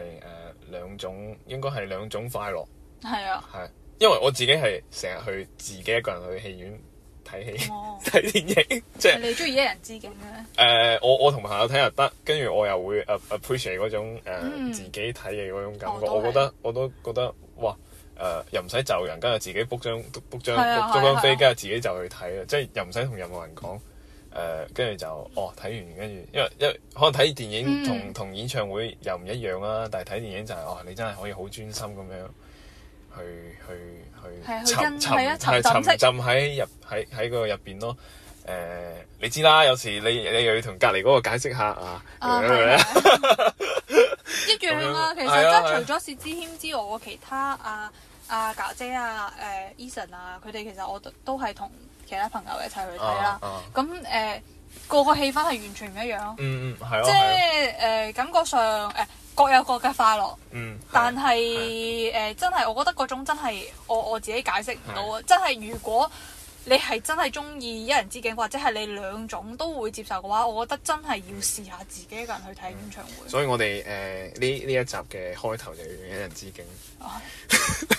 兩種，應該係兩種快樂。係啊。係，因為我自己係成日去自己一個人去戲院睇戲、睇、哦、電影，即係。你中意一人之境嘅咧？誒、呃，我我同朋友睇又得，跟、嗯、住我又會誒誒，appreciate 嗰種誒自己睇嘅嗰種感覺，嗯、我，我覺得我都覺得哇！誒又唔使就人，跟住自己 book 張 book 張 book 張飛，跟住自己就去睇啦。即係又唔使同任何人講，誒，跟住就哦睇完，跟住因為因為可能睇電影同同演唱會又唔一樣啦。但係睇電影就係哦，你真係可以好專心咁樣去去去沉沉沉浸喺入喺喺個入邊咯。誒你知啦，有時你你又要同隔籬嗰個解釋下啊，咁樣一樣啦。其實即係除咗薛之謙之外，其他啊～啊，家姐，姐啊、呃、Eason 啊，佢哋其實我都都係同其他朋友一齊去睇啦。咁誒、啊，個、啊嗯、個氣氛係完全唔一樣咯。嗯嗯啊、即係、呃、感覺上誒、呃、各有各嘅快樂。但係誒，真係我覺得嗰種真係我我自己解釋唔到啊！真係，如果你係真係中意一人之境，或者係你兩種都會接受嘅話，我覺得真係要試下自己一個人去睇演唱會、嗯。所以我哋誒呢呢一集嘅開頭就一人之境。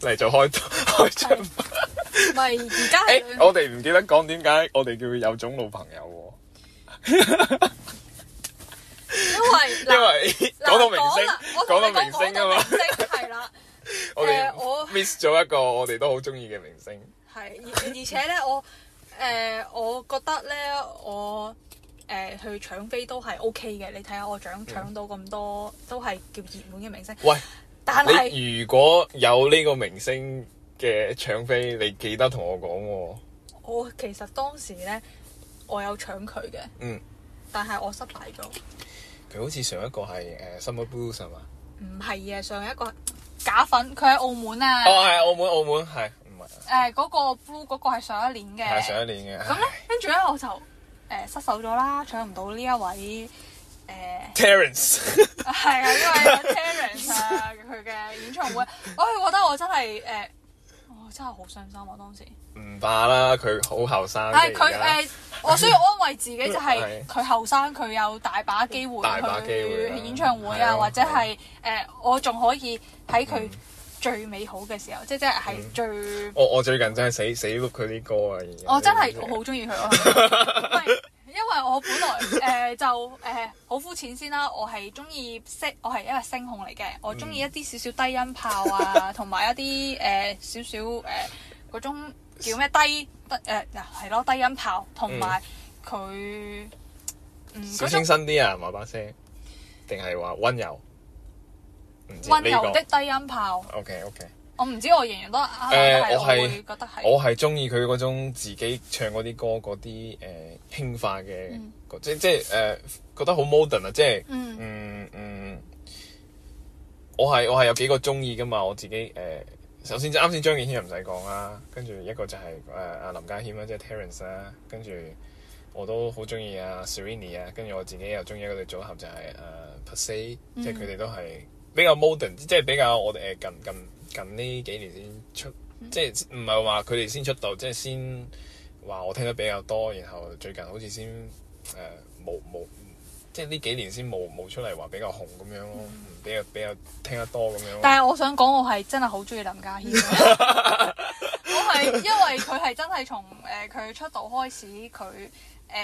嚟做開開春，唔係而家。誒，我哋唔記得講點解，我哋叫佢有種老朋友喎、啊。 因為因為講到明星，講到明星啊嘛，係啦。誒，我 miss 咗一個我哋都好中意嘅明星。係，而而且咧，我誒，我覺得咧，我誒、呃、去搶飛都係 O K 嘅。你睇下我搶搶到咁多都，都係叫熱門嘅明星。喂。你如果有呢個明星嘅搶飛，你記得同我講喎、哦。我、哦、其實當時咧，我有搶佢嘅，嗯、但係我失敗咗。佢好似上一個係誒、呃、Summer Blues 係嘛？唔係啊，上一個假粉佢喺澳門啊。哦，係澳門，澳門係唔係？誒嗰、啊呃嗰個 Blue 嗰個係上一年嘅。係上一年嘅、啊。咁咧，跟住咧我就誒、呃、失手咗啦，搶唔到呢一位。Terence 係啊，因為 Terence 啊，佢嘅演唱會，我係覺得我真係誒，我真係好傷心，我當時唔怕啦，佢好後生。係佢誒，我需要安慰自己就係佢後生，佢有大把機會去演唱會啊，或者係誒，我仲可以喺佢最美好嘅時候，即係即係喺最我我最近真係死死碌佢啲歌啊！我真係我好中意佢。因為我本來誒、呃、就誒好、呃、膚淺先啦，我係中意聲，我係一個聲控嚟嘅，我中意一啲少少低音炮啊，同埋一啲誒少少誒嗰種叫咩低低誒，係、呃、咯低音炮，同埋佢嗯，呃、小清新啲啊，買把聲，定係話溫柔，溫柔的低音炮。OK，OK、okay, okay.。我唔知，我仍然都，呃、我，我會覺得係。我係中意佢嗰種自己唱嗰啲歌嗰啲誒輕化嘅、嗯，即即誒、呃、覺得好 modern 啊，即係嗯嗯，嗯我係我係有幾個中意噶嘛，我自己誒、呃。首先啱先張敬軒又唔使講啦，跟住一個就係誒阿林家謙啦，即係 Terence 啦，跟住我都好中意阿 Serrini 啊。跟住我、啊、我自己又中意一個組合就係誒 Per se、嗯、即係佢哋都係比較 modern，即係比較我哋誒近近。近近近呢幾年先出，即係唔係話佢哋先出道，即係先話我聽得比較多，然後最近好似先誒冇冇，即係呢幾年先冇冇出嚟話比較紅咁樣咯。嗯、比較比較聽得多咁樣。但係我想講，我係真係好中意林家謙，我係因為佢係真係從誒佢、呃、出道開始，佢誒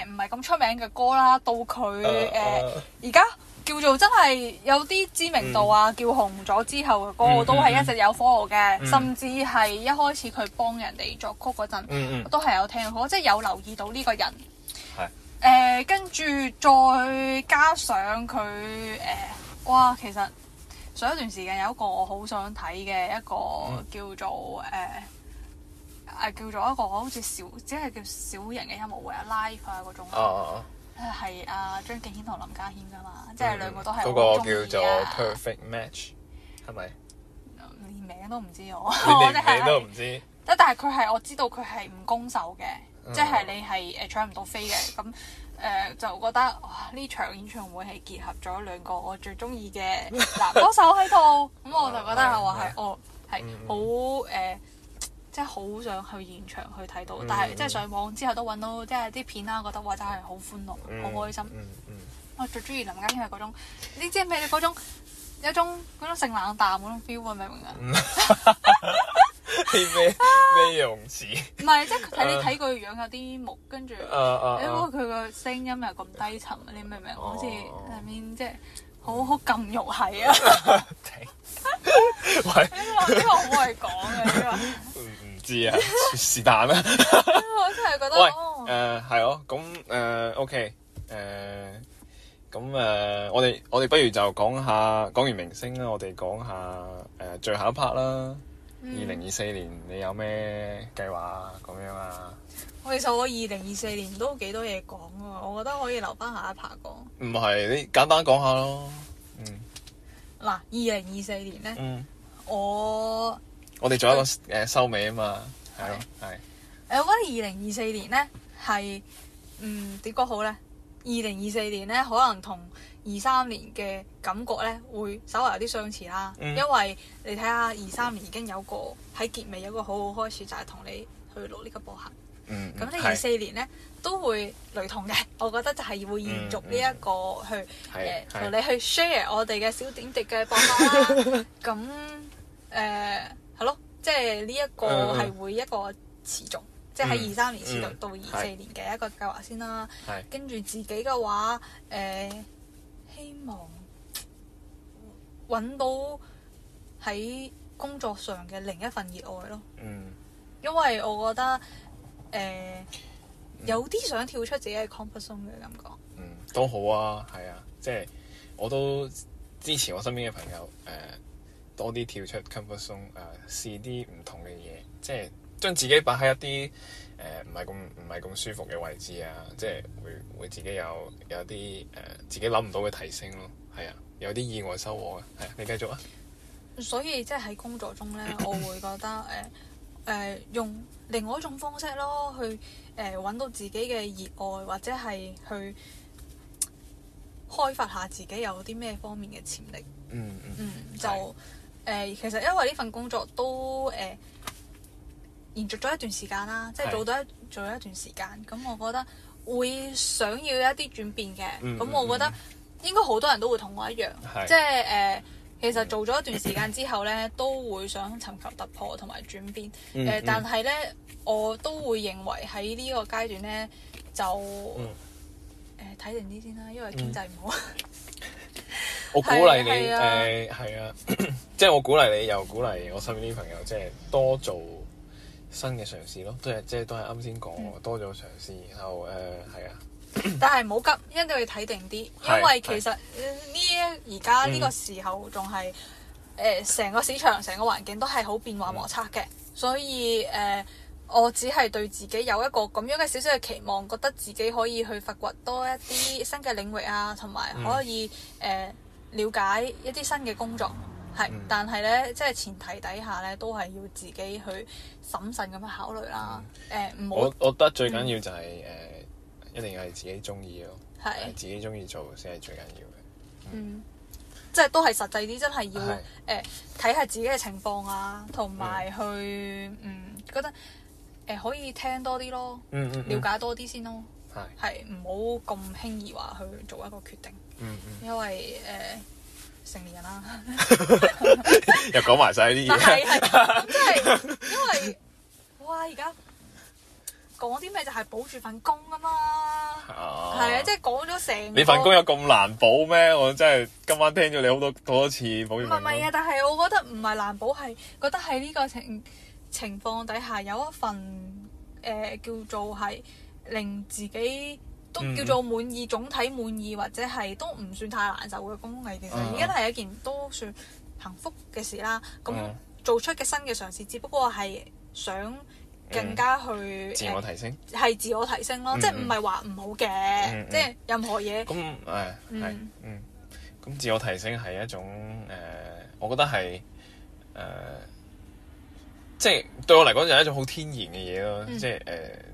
唔係咁出名嘅歌啦，到佢誒而家。呃 uh, uh, 叫做真係有啲知名度啊！嗯、叫紅咗之後，個個、嗯、都係一直有 follow 嘅，嗯、甚至係一開始佢幫人哋作曲嗰陣，嗯嗯、都係有聽過，即、就、係、是、有留意到呢個人。係是。誒、呃，跟住再加上佢誒、呃，哇！其實上一段時間有一個我好想睇嘅一個、嗯、叫做誒，誒、呃啊、叫做一個好似小，即係叫小型嘅音樂會啊，live 啊嗰種。係阿張敬軒同林家謙噶嘛，即係兩個都係。嗰、嗯嗰個叫做 Perfect Match，係咪？連名都唔知我、就是，哋你都唔知。即但係佢係我知道佢係唔攻守嘅，即係、嗯、你係誒搶唔到飛嘅，咁誒、呃、就覺得哇！呢場演唱會係結合咗兩個我最中意嘅男歌手喺度，咁 我就覺得係話係我係好誒。 嗯哦即係好想去現場去睇到，但係即係上網之後都揾到即係啲片啦，覺得哇真係好歡樂，好開心。我、嗯嗯啊、最中意林嘉欣係嗰種，你知唔知嗰種有種嗰種性冷淡嗰種 feel 啊？明唔明啊？咩咩樣子？唔係即係睇你睇佢樣有啲木，跟住誒誒，因為佢個聲音又咁低沉，你明唔明？好似入面即係好好禁肉係啊！你諗呢、這個好難講嘅，因為。 這個 是但啦。 我真係覺得。喂，誒，係哦，咁誒，OK，誒，咁誒，我哋我哋不如就講下，講完明星啦，我哋講下誒、uh, 最後一 part 啦。二零二四年你有咩計劃啊？咁、mm. 樣啊？我其實我二零二四年都幾多嘢講啊。我覺得可以留翻下一 part 講。唔係，你簡單講下咯。嗯。嗱，二零二四年咧，mm. 我。我哋做一個誒收尾啊嘛，係咯對，係吧。誒是，我覺得二零二四年咧係，嗯，點講好咧？二零二四年咧，可能同二三年嘅感覺咧，會稍為有啲相似啦。嗯、因為你睇下二三年已經有個喺結尾有個好好開始，就係、是、同你去錄呢個播客。嗯。咁咧，二四年咧都會雷同嘅，我覺得就係會延續呢一個去誒同你去 share 我哋嘅小點滴嘅播客啦、啊。咁誒。 呃係咯，即係呢一個係會一個持續，嗯、即係喺二三年持續、嗯、到二四年嘅一個計劃先啦。跟住是自己嘅話，誒、呃、希望揾到喺工作上嘅另一份熱愛咯。嗯，因為我覺得誒、呃、有啲想跳出自己嘅 comfort zone 嘅感覺。嗯，都好啊，係啊，即係我都支持我身邊嘅朋友誒。呃多啲跳出 comfort zone、呃、試啲唔同嘅嘢，即係將自己擺喺一啲誒唔係咁唔係咁舒服嘅位置啊，即係會會自己有有啲誒、呃、自己諗唔到嘅提升咯，係啊，有啲意外收穫啊。係啊，你繼續啊。所以即係喺工作中咧， 我會覺得誒誒、呃呃、用另外一種方式咯，去誒搵、呃、到自己嘅熱愛，或者係去開發下自己有啲咩方面嘅潛力。嗯嗯嗯，就。誒，其實因為呢份工作都誒、呃、延續咗一段時間啦，即係做到一做咗一段時間，咁的我覺得會想要一啲轉變嘅。咁、嗯嗯嗯、我覺得應該好多人都會同我一樣，即係誒，其實做咗一段時間之後咧，都會想尋求突破同埋轉變。誒、嗯嗯呃，但係咧，我都會認為喺呢個階段咧，就誒睇定啲先啦，因為經濟唔好。嗯我鼓勵你，誒，係啊，即係、呃啊 就是、我鼓勵你，又鼓勵我身邊啲朋友，即係多做新嘅嘗試咯，都係即係都係啱先講，多做嘗試、嗯，然後誒，係、呃、啊，但係冇急，定一定要睇定啲，是因為其實呢而家呢個時候仲係誒，成、呃、個市場，成個環境都係好變幻莫測嘅，嗯、所以誒。呃我只係對自己有一個咁樣嘅小小嘅期望，覺得自己可以去發掘多一啲新嘅領域啊，同埋可以誒了解一啲新嘅工作，係。但係咧，即係前提底下咧，都係要自己去審慎咁去考慮啦。誒，唔好。我我覺得最緊要就係誒，一定要係自己中意咯，係自己中意做先係最緊要嘅。嗯，即係都係實際啲，真係要誒睇下自己嘅情況啊，同埋去嗯覺得。誒、呃、可以聽多啲咯，嗯嗯嗯、了解多啲先咯，係唔好咁輕易話去做一個決定，嗯嗯、因為誒、呃、成年人啦、啊， 又講埋晒呢啲嘢，係係，即係因為哇！而家講啲咩就係保住份工啊嘛，係啊，即係講咗成你份工有咁難保咩？我真係今晚聽咗你好多好多次保唔保唔係啊！但係我覺得唔係難保，係覺得喺呢、呢個情情況底下有一份誒、呃、叫做係令自己都叫做滿意、嗯、總體滿意或者係都唔算太難受嘅工藝，其實而家都係一件都算幸福嘅事啦。咁、嗯、做出嘅新嘅嘗試，只不過係想更加去、嗯、自我提升，係、呃、自我提升咯，即係唔係話唔好嘅，即係任何嘢。咁誒，嗯，咁自我提升係一種誒、呃，我覺得係誒。呃即係對我嚟講，就係一種好天然嘅嘢咯，即係誒，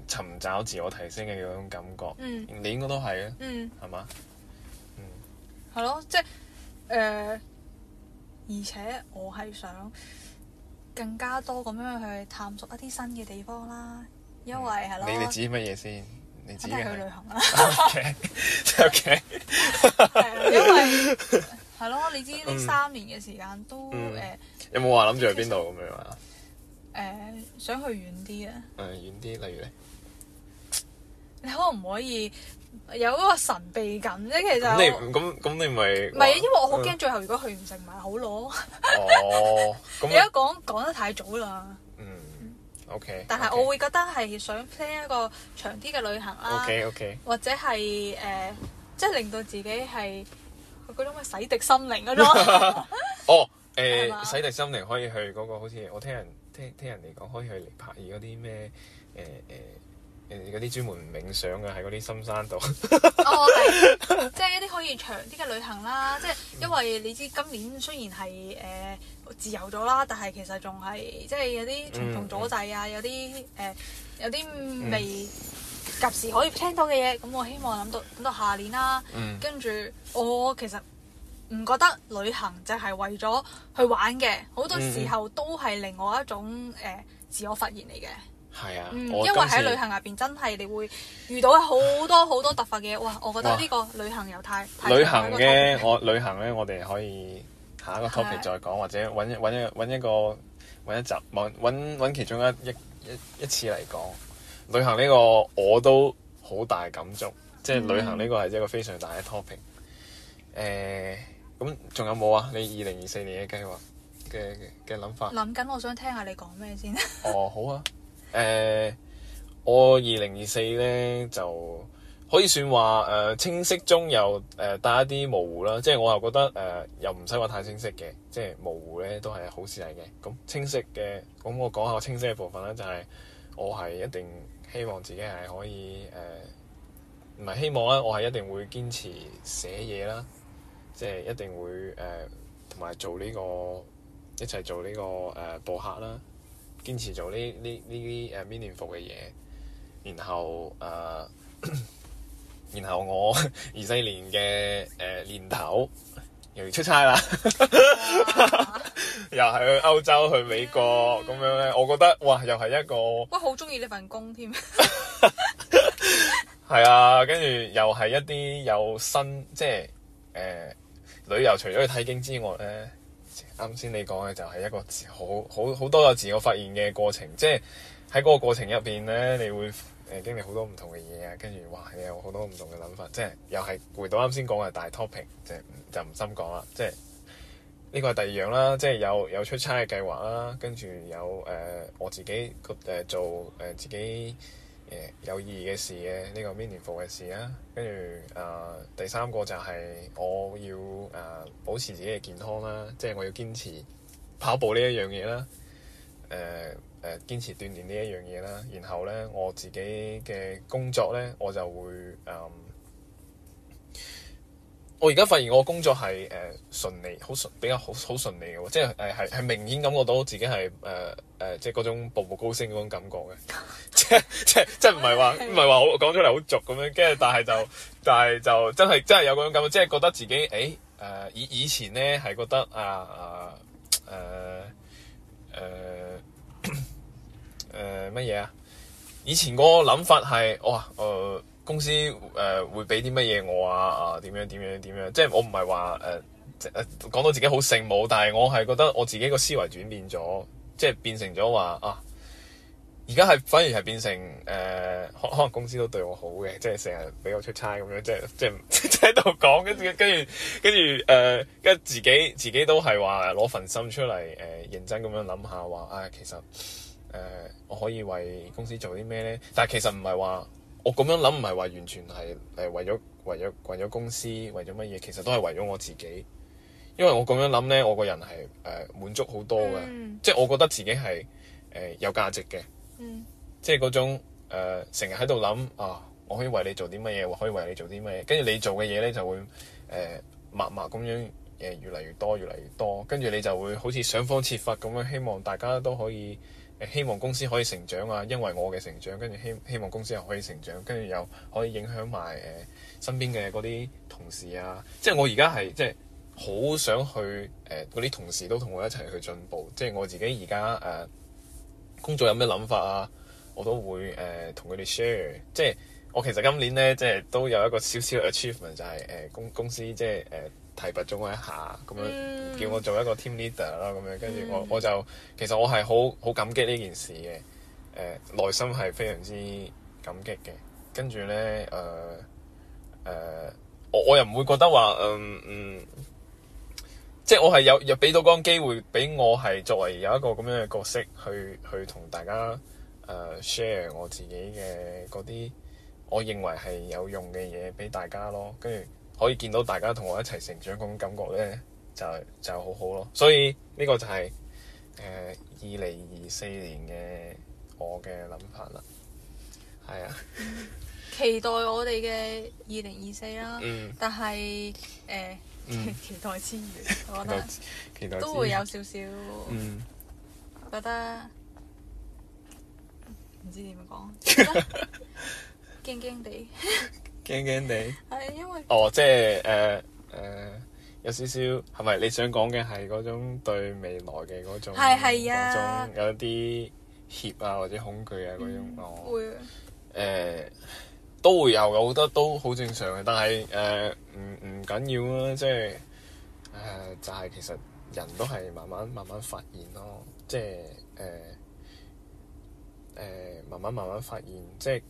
尋找自我提升嘅嗰種感覺。你應該都係啊，嗯，係嘛？嗯，係咯，即係誒，而且我係想更加多咁樣去探索一啲新嘅地方啦。因為係咯，你哋指乜嘢先？你指去旅行啦？O K，O K。因為係咯，你知呢三年嘅時間都誒，有冇話諗住去邊度咁樣啊？誒，想去遠啲啊！誒，遠啲，例如咧，你可唔可以有嗰個神秘感啫？其實你唔咁咁，你唔係唔係？因為我好驚最後如果去唔成，咪好攞哦。咁而家講講得太早啦。嗯，OK。但係我會覺得係想 plan 一個長啲嘅旅行啦。OK，OK。或者係誒，即係令到自己係嗰種嘅洗滌心靈嗰種。哦，誒，洗滌心靈可以去嗰個好似我聽人。聽聽人哋講可以去尼泊爾嗰啲咩，誒誒誒嗰啲專門冥想嘅喺嗰啲深山度、 哦，即係一啲可以長啲嘅旅行啦。即係因為你知今年雖然係誒、呃、自由咗啦，但係其實仲係即係有啲重重阻滯啊，嗯嗯、有啲誒、呃、有啲未及時可以聽到嘅嘢。咁、嗯、我希望諗到諗到下年啦，嗯、跟住我其實，唔覺得旅行就係為咗去玩嘅，好多時候都係另外一種誒自我發現嚟嘅。係啊，因為喺旅行入邊真係你會遇到好多好多突發嘅嘢。哇！我覺得呢個旅行又太旅行嘅我旅行咧，我哋可以下一個 topic 再講，或者揾一一揾一個揾一集，揾其中一一一次嚟講旅行，呢個我都好大感觸，即係旅行呢個係一個非常大嘅 topic。誒。咁仲有冇啊？你二零二四年嘅計劃嘅嘅諗法？諗緊，我想聽下你講咩先。 哦，好啊。誒、呃，我二零二四咧就可以算話誒、呃、清晰中又誒帶一啲模糊啦，即係我又覺得誒、呃、又唔使話太清晰嘅，即係模糊咧都係好事嚟嘅。咁清晰嘅，咁我講下清晰嘅部分啦，就係、是、我係一定希望自己係可以誒，唔、呃、係希望啊，我係一定會堅持寫嘢啦。即係一定會誒，同、呃、埋做呢、這個一齊做呢、這個誒、呃、播客啦，堅持做呢呢呢啲誒 meaningful 嘅嘢，然後誒、呃，然後我二四年嘅誒、呃、年頭又要出差啦，哇 又係去歐洲去美國咁 Yeah. 樣咧，我覺得哇，又係一個哇好中意呢份工添，係 啊，跟住又係一啲有新即係誒。呃旅遊除咗去睇景之外咧，啱先你講嘅就係一個好好好多個自我發現嘅過程，即係喺嗰個過程入邊咧，你會誒經歷好多唔同嘅嘢啊，跟住話，你有好多唔同嘅諗法，即係又係回到啱先講嘅大 topic，就就唔深講啦，即係呢個係第二樣啦，即係有有出差嘅計劃啦，跟住有誒、呃、我自己個、呃、做誒、呃、自己。有意義嘅事嘅呢、呢個 meaningful 嘅事啦，跟住誒第三個就係我要誒、呃、保持自己嘅健康啦，即係我要堅持跑步呢一樣嘢啦，誒誒堅持鍛煉呢一樣嘢啦，然後咧我自己嘅工作咧，我就會誒。呃我而家發現我工作係誒順利，好順比較好好順利嘅、哦，即係誒係係明顯感覺到自己係誒誒即係嗰種步步高升嗰種感覺嘅，即即即唔係話唔係話好講出嚟好俗咁樣，跟住、就、是、但係就但係就，就真係真係有嗰種感覺，即係覺得自己誒誒以以前咧係覺得啊誒誒誒乜嘢啊？以前嗰個諗法係哇誒。啊啊啊啊公司誒、呃、會俾啲乜嘢我啊？啊點樣點樣點樣？即係我唔係話誒講到自己好聖母，但係我係覺得我自己個思維轉變咗，即係變成咗話啊！而家係反而係變成誒、呃，可能公司都對我好嘅，即係成日俾我出差咁樣，即係即係係喺度講，跟住跟住跟住誒，跟，跟、呃、自己自己都係話攞份心出嚟誒、呃，認真咁樣諗下話啊，其實誒、呃、我可以為公司做啲咩咧？但係其實唔係話。我咁樣諗唔係話完全係誒為咗為咗為咗公司為咗乜嘢，其實都係為咗我自己。因為我咁樣諗咧，我個人係誒、呃、滿足好多嘅，嗯、即係我覺得自己係誒、呃、有價值嘅。嗯、即係嗰種成日喺度諗啊，我可以為你做啲乜嘢，我可以為你做啲乜嘢，跟住你做嘅嘢咧就會誒默默咁樣誒越嚟越多越嚟越多，跟住你就會好似想方設法咁樣希望大家都可以。希望公司可以成長啊，因為我嘅成長，跟住希希望公司又可以成長，跟住又可以影響埋誒身邊嘅嗰啲同事啊。即係我而家係即係好想去誒嗰啲同事都同我一齊去進步。即係我自己而家誒工作有咩諗法啊，我都會誒同佢哋 share。即係我其實今年咧，即係都有一個小小 achievement 就係、是、誒、呃、公公司即係誒。呃提拔咗我一下，咁樣叫我做一個 team leader 啦，咁樣跟住我我就其實我係好好感激呢件事嘅，誒、呃、內心係非常之感激嘅。跟住咧誒誒，我我又唔會覺得話誒嗯、嗯，即係我係有有俾到嗰種機會，俾我係作為有一個咁樣嘅角色去去同大家誒、呃、share 我自己嘅嗰啲我認為係有用嘅嘢俾大家咯，跟住。可以見到大家同我一齊成長嗰種感覺呢，就就好好咯。所以呢、呢個就係二零二四年嘅我嘅諗法啦。係、嗯、啊，期待我哋嘅二零二四啦。嗯、但係誒、呃，期待之餘，我覺得都會有少少，嗯、覺得唔知點講，驚驚地。驚驚哋？係因為，哦，即係誒誒，有少少係咪你想講嘅係嗰種對未來嘅嗰種，係係啊，有啲怯啊，或者恐懼啊嗰種哦、嗯、會誒、呃、都會有嘅，我覺得都好正常嘅。但係誒，唔唔緊要啦。即係誒、呃、就係、是，其實人都係慢慢慢慢發現咯，即係誒誒，慢慢慢慢發現即係。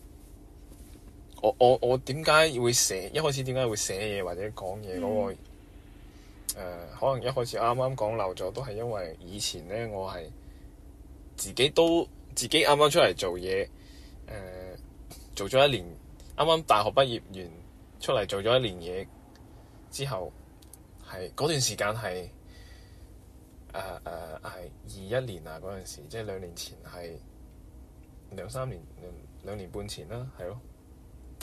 我我我點解會寫一開始點解會寫嘢或者講嘢嗰個、嗯呃、可能一開始啱啱講漏咗，都係因為以前咧，我係自己都自己啱啱出嚟做嘢誒、呃，做咗一年，啱啱大學畢業完出嚟做咗一年嘢之後，係嗰段時間係誒誒係二一年啊嗰陣時，即係兩年前係兩三年兩兩年半前啦，係咯。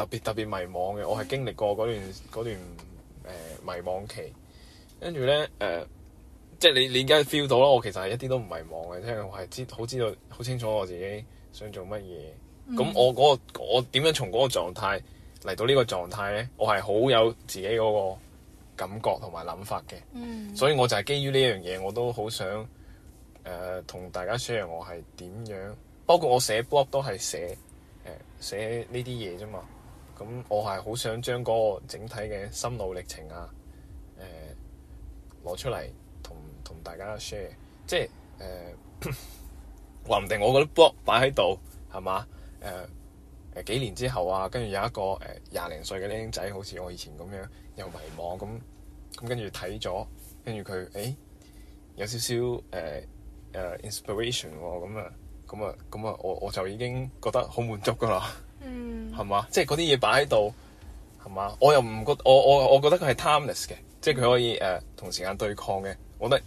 特別特別迷惘嘅，我係經歷過嗰段嗰段誒、呃、迷惘期，跟住咧誒，即係你你而家 feel 到啦。我其實係一啲都唔迷惘嘅，即係我係知好知道好清楚我自己想做乜嘢。咁、嗯、我嗰、嗰個、我點樣從嗰個狀態嚟到呢個狀態咧？我係好有自己嗰個感覺同埋諗法嘅，嗯、所以我就係基於呢一樣嘢，我都好想誒同、呃、大家 share 我係點樣。包括我寫 blog 都係寫誒、呃、寫呢啲嘢啫嘛。咁我係好想將嗰個整體嘅心路歷程啊，誒、呃、攞出嚟同同大家 share，即係誒話唔定我嗰啲 blog 擺喺度，係嘛，誒誒幾年之後啊，跟住有一個誒廿零歲嘅僆仔，好似我以前咁樣又迷茫咁咁，跟住睇咗，跟住佢誒有少少誒誒 inspiration 喎，咁啊咁啊咁啊，我我就已經覺得好滿足噶啦～嗯，係嘛，即係嗰啲嘢擺喺度，係嘛，我又唔覺得我我我覺得佢係 timeless 嘅，即係佢可以誒、uh, 同時間對抗嘅。我覺得，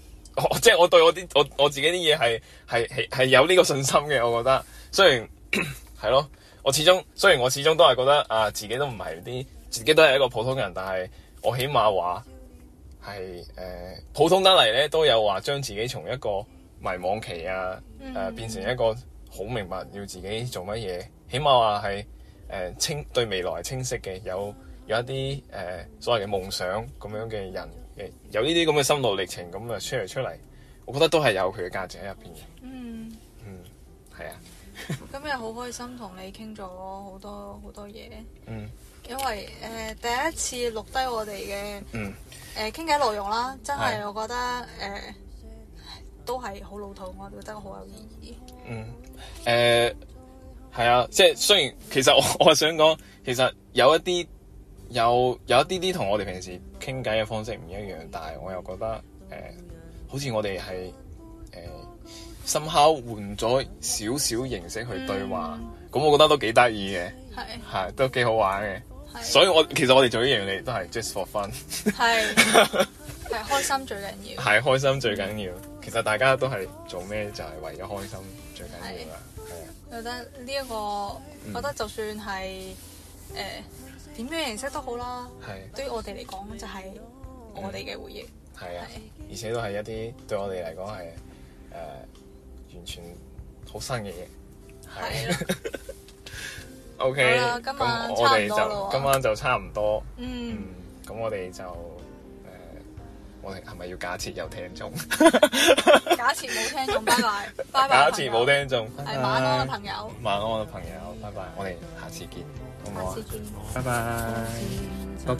即係我對我啲我我自己啲嘢係係係係有呢個信心嘅。我覺得雖然係咯， 我始終雖然我始終都係覺得啊，自己都唔係啲自己都係一個普通人，但係我起碼話係誒普通得嚟咧，都有話將自己從一個迷惘期啊誒、呃、變成一個好明白要自己做乜嘢。起碼話係誒清對未來清晰嘅，有有一啲誒、呃、所謂嘅夢想咁樣嘅人，誒有呢啲咁嘅心路歷程咁啊 share 出嚟出嚟，我覺得都係有佢嘅價值喺入邊嘅。嗯嗯，係、嗯、啊。 今日好開心同你傾咗好多好多嘢。嗯。因為誒、呃、第一次錄低我哋嘅，誒傾偈內容啦，真係我覺得誒是、呃、都係好老土，我哋覺得好有意義。嗯。誒、呃。係啊，即係雖然其實我我想講，其實有一啲有有一啲啲同我哋平時傾偈嘅方式唔一樣，但係我又覺得誒、呃，好似我哋係誒，somehow 換咗少少形式去對話，咁、嗯、我覺得都幾得意嘅，係是，係都幾好玩嘅，是所以我其實我哋做呢樣嘢都係 just for fun，係，係 開心最緊要，係開心最緊要，嗯、其實大家都係做咩就係為咗開心最緊要啦。係，覺得呢一個，嗯、覺得就算係誒點樣形式都好啦，係的。對於我哋嚟講，就係我哋嘅回憶。係啊，的而且都係一啲對我哋嚟講係誒完全好新嘅嘢。係。OK，今晚我哋就今晚就差唔多。嗯，咁、嗯、我哋就。我哋係咪要假設有聽眾？假設冇聽眾，拜拜，拜拜。假設冇聽眾，晚安嘅朋友。晚安嘅朋友，拜拜，我哋下次見，好唔好啊？下次見，拜拜，多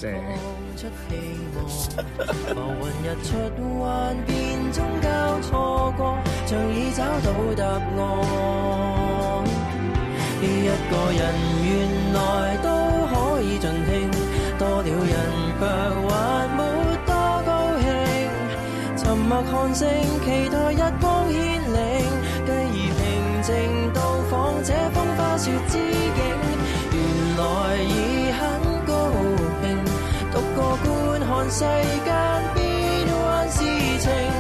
謝。沉默看星，期待日光牽領，繼而平靜，到訪這風花雪之境，原來已很高興，獨個觀看世間變幻事情。